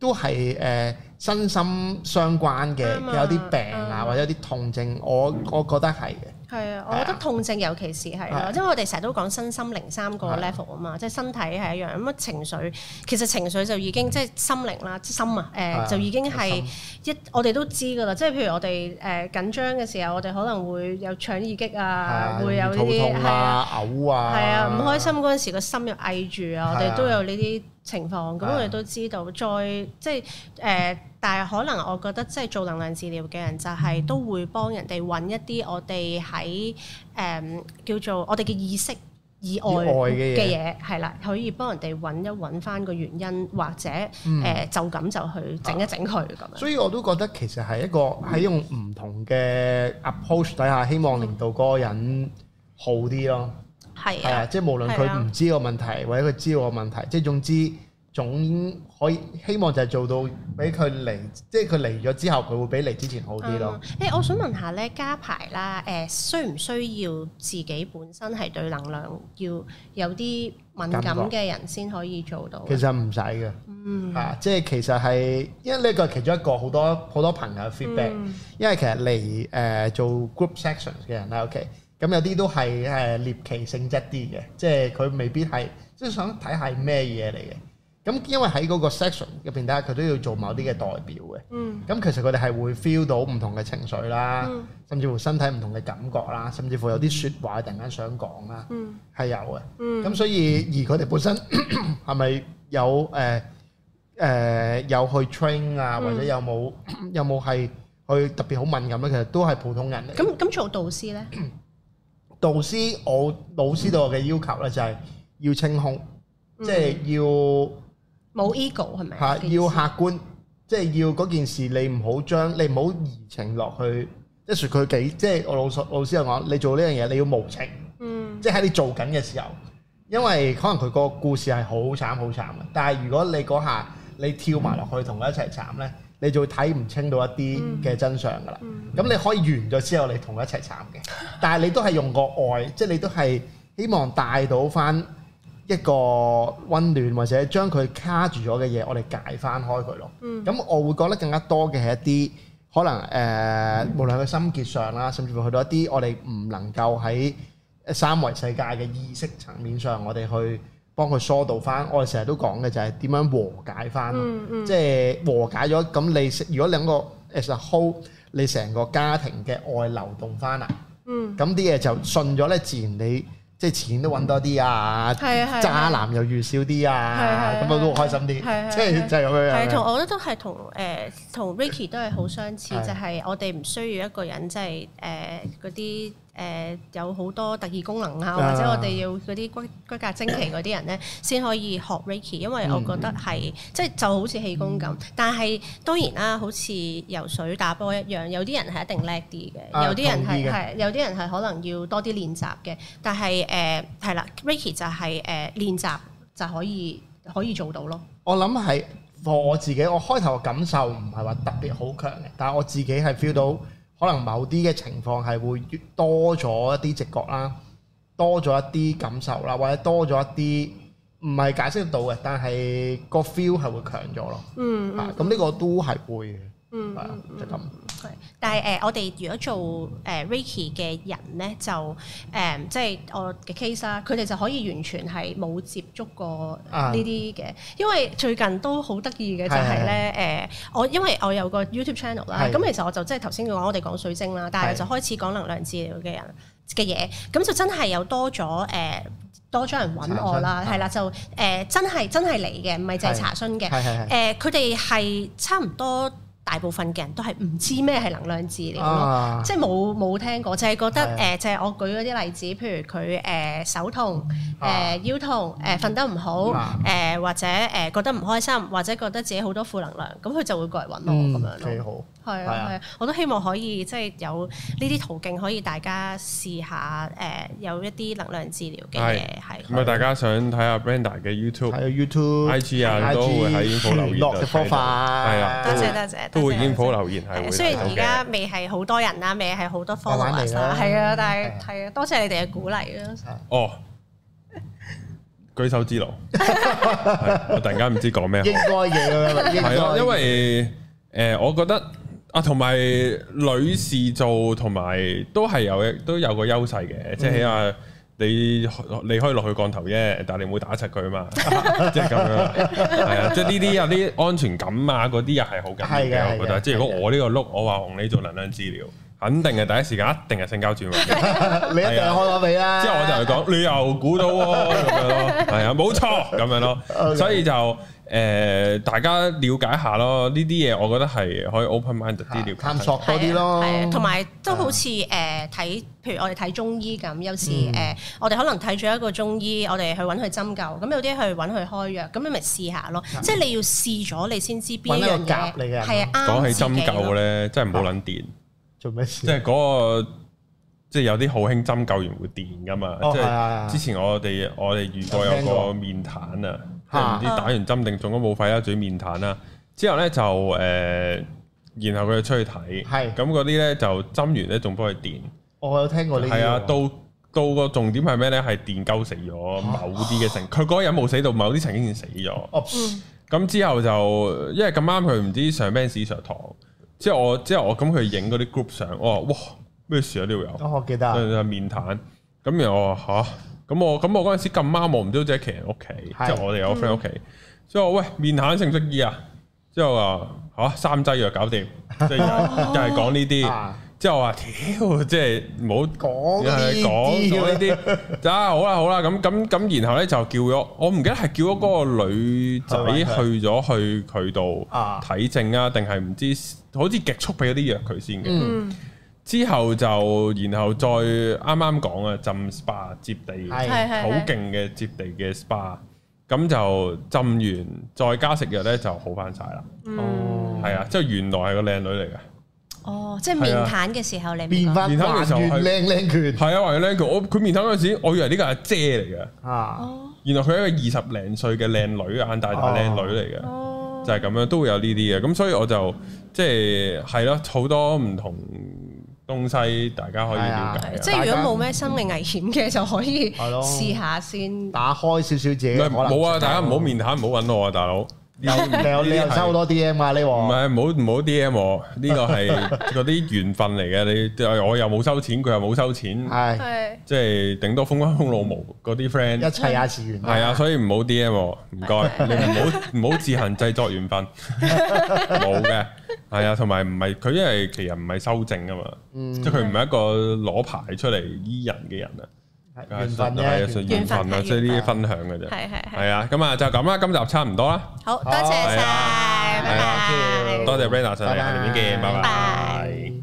都係誒、呃、身心相關嘅，嗯啊、有啲病啊，嗯、或者有啲痛症，我、嗯、我覺得係嘅。係啊，我覺得痛症尤其是係啊。因為我哋成日都講身心靈三個 level 啊嘛，即係身體係一樣，咁啊情緒其實情緒就已經即係心靈啦，心啊，誒就已經係一我哋都知㗎啦，即係譬如我哋誒緊張嘅時候，我哋可能會有腸易激啊，會有呢啲係啊，嘔啊，係啊，唔開心嗰陣時個心又翳住啊，我哋都有呢啲情況，咁我哋都知道，再即係誒。但係可能我覺得即係做能量治療嘅人就係都會幫人哋揾一啲我哋喺誒叫做我哋嘅意識以外嘅嘢係啦，可以幫人哋揾一揾翻個原因，或者誒就咁就去整一整佢咁樣。所以我都覺得其實係一個喺用唔同嘅 approach 底下，希望令到嗰個人好啲咯。係啊，即係無論佢唔知個問題，或者佢知道個問題，即係總之。總可以希望就係做到俾佢嚟，即係佢嚟咗之後，佢會比嚟之前好啲咯。誒、嗯欸，我想問下咧，家排啦，誒、呃，需唔需要自己本身係對能量要有啲敏感嘅人先可以做到？其實唔使嘅，嗯，嚇、啊，即係其實係，因為呢個係其中一個好多好多朋友嘅 feedback、嗯。因為其實嚟誒、呃、做 group sessions 嘅人咧，OK，咁有啲都係誒、呃、獵奇性質啲嘅，即係佢未必係即係想睇係咩嘢嚟嘅。咁因為喺嗰個 section 入邊咧，佢都要做某啲嘅代表嘅。嗯。咁其實佢哋係會 feel 到唔同嘅情緒啦，嗯、甚至乎身體唔同嘅感覺啦，甚至乎有啲説話突然間想講啦，係有嘅。嗯。咁、嗯、所以而佢哋本身係咪、嗯、有誒誒、呃呃、有去 train 啊，嗯、或者有冇有冇係去特別好敏感咧？其實都係普通人嚟。咁咁做導師咧？導師到我老師對我嘅要求咧就係要清空，即、就、係、是、要。就是要冇 ego 係咪？嚇！要客觀，即係要嗰件事，你唔好將，你唔好移情落去，即係佢幾，即係我老實老師又講，你做呢樣嘢你要無情，嗯，即係喺你做緊嘅時候，因為可能佢個故事係好慘好慘嘅，但係如果你嗰下你跳埋落去同佢一齊慘呢，嗯、你就會睇唔清到一啲嘅真相㗎啦。咁、嗯嗯、你可以完咗之後，你同佢一齊慘嘅，但係你都係用個愛，即係你都係希望帶到翻。一個温暖或者將佢卡住咗嘅嘢，我哋解翻開佢咯。咁、嗯、我會覺得更加多嘅係一啲可能誒、呃，無論佢心結上啦，甚至乎去到一啲我哋唔能夠喺三維世界嘅意識層面上，我哋去幫佢疏導翻。我哋成日都講嘅就係點樣和解翻，即係、嗯嗯、和解咗。咁你如果兩個 hold 你成個家庭嘅愛流動翻啦，咁啲嘢就順咗咧，自然你。即係錢都揾多啲啊，係啊，係啊，渣男又遇少啲啊，咁樣都開心啲，即係就係咁樣。係，同我覺得都係同誒同、呃、Reiki 都係好相似，係就係我哋唔需要一個人即係誒嗰啲。就係，呃誒、呃、有好多特異功能啊，或者我哋要嗰啲骨骨骼精奇嗰啲人咧，先可以學 Reiki，因為我覺得係、嗯、即係就好似氣功咁。嗯、但係當然啦，好似游水、打波一樣，有啲人係一定叻啲嘅，有啲人係係，有啲人係可能要多啲練習嘅。但係誒係啦，Reiki 就係、是、誒、呃、練習就可以可以做到咯。我諗係我我自己，我開頭嘅感受唔係話特別好強嘅，但係我自己係 feel 到。可能某啲嘅情況係會多咗一啲直覺啦，多咗一啲感受啦，或者多咗一啲唔係解釋得到嘅，但係個 feel 係會強咗咯。嗯，嗯，啊，咁、這、呢個都係會嘅。 嗯，係咁。係，但係誒、呃，我哋如果做誒、呃、Reiki 嘅人咧，就誒、呃，即係我嘅 case 啦，佢哋就可以完全係冇接觸過呢啲嘅。啊、因為最近都好得意嘅就係、是、咧，誒是、呃，我因為我有個 YouTube channel 啦，咁其實我就即係頭先講我哋講水晶啦，但係就開始講能量治療嘅人嘅嘢，咁就真係有多咗誒、呃，多咗人揾我啦，係啦、啊，就誒、呃，真係真係嚟嘅，唔係淨係查詢嘅。係係係。誒，佢哋係差唔多。大部分嘅人都係唔知咩係能量治療，即係冇冇聽過，就係覺得誒，就係我舉嗰啲例子，譬如佢誒手痛、誒腰痛、誒瞓得唔好、誒或者誒覺得唔開心，或者覺得自己好多負能量，咁佢就會過嚟搵我咁樣咯。幾好，係啊係啊！我都希望可以即係有呢啲途徑可以大家試下誒，有一啲能量治療嘅嘢係。咪大家想睇下 Brenda 嘅 YouTube，YouTube、IG 啊，都會喺呢度留意嘅。係啊，多謝多謝。都會已經保留言係，雖然而家未係好多人啦，未係好多 follower 啦，係啊，但係多謝你哋嘅鼓勵啦。哦，舉手之勞，我突然間唔知講咩。應該嘅啦，係啦，因為誒，我覺得啊，同埋女士做同埋都係有，都有個優勢嘅，即係起碼。你你可以落去降頭啫，但係你唔會打柒佢啊嘛，即係咁樣，係啊，即係呢啲有啲安全感啊，嗰啲又係好緊要嘅，我覺得。即係的如果我呢個碌，我話同你做能量治療，肯定係第一時間，一定係性交轉運嘅。 的你一定開開味啦。之後我就係、是、講，你又估到喎，咁樣咯，係啊，冇 錯，咁樣咯， Okay. 所以就。誒，大家了解下咯，呢啲嘢我覺得係可以 open mind 啲了解，探索多啲咯，係啊，同埋都好似誒睇，譬如我哋睇中醫咁，有時誒，我哋可能睇住一個中醫，我哋去揾佢針灸，咁有啲去揾佢開藥，咁你咪試下咯，即係你要試咗你先知邊樣嘢係啱嘅。講起針灸咧，真係唔好撚電，做咩事？即係嗰個，即係有啲好興針灸員會電㗎嘛？即係之前我哋我哋遇過有個面癱啊。即係唔知打完針定中咗冇肺啦，嘴面癱啦。之後咧就誒、呃，然後佢就出去睇。係咁嗰啲咧就針完咧，仲幫佢電。我有聽過呢啲。係啊，到到個重點係咩咧？係電鳩死咗、啊、某啲嘅成，佢嗰個人冇死到，某啲曾經已死咗。嗯、啊。咁之後就因為咁啱佢唔知上咩事上堂，之後我之後我咁佢影嗰啲 group 相，我話哇，咩事啊，呢度有，我記得。面癱，咁然後我話吓！啊」咁我咁我嗰陣時咁啱望唔到只其他人屋企，即係是我哋有個 friend 屋企，之、嗯、後喂，面癱識唔識醫啊？之後話嚇三劑藥搞掂，即係、啊、就係講呢啲。啊、之後話屌，即係唔好講呢啲，講呢啲。啊好啦好啦，咁咁咁，然後咧就叫咗我唔記得係叫咗嗰個女仔去咗去佢度睇症啊，定係唔知好似極速俾嗰啲藥佢先嘅。嗯之後就，然後再啱啱講啊，浸 SPA 接地好勁嘅接地嘅 SPA，咁就浸完，再加食藥咧就好翻晒啦。哦、嗯，係啊，即係原來係個靚女嚟嘅。哦，即係面癱嘅時候你麗麗面癱嘅時候靚靚女，係啊，原靚女。我佢面癱嗰陣時，我以為呢個係姐嚟嘅啊。原來佢係一個二十零歲嘅靚女，眼大大靚女嚟嘅。啊、就係咁樣都會有呢啲嘅。咁所以我就即係係咯，好多唔同。東西大家可以瞭解，即係如果冇咩生命危險嘅就可以試下先，打開少少自己。唔係冇啊，大家唔好面嚇，唔好搵我啊，大佬。你又你又收好多 D M 啊，呢我唔係唔好唔好 D M 我，呢個係嗰啲緣分嚟嘅，你我又冇收錢，佢又冇收錢，係即係頂多風風老毛嗰啲 friend。一切也是緣。係啊，所以唔好 D M，唔該，你唔好唔好自行製作緣分，冇嘅。係啊，同埋唔係佢，因為其實唔係修正啊嘛，即係佢唔係一個攞牌出嚟醫人嘅人啊，緣分啊，緣分啊，所以呢啲分享嘅啫。係係係啊，咁啊就咁啦，今集差唔多啦。好多謝晒，多謝 Brenda 上嚟，下年見，拜拜。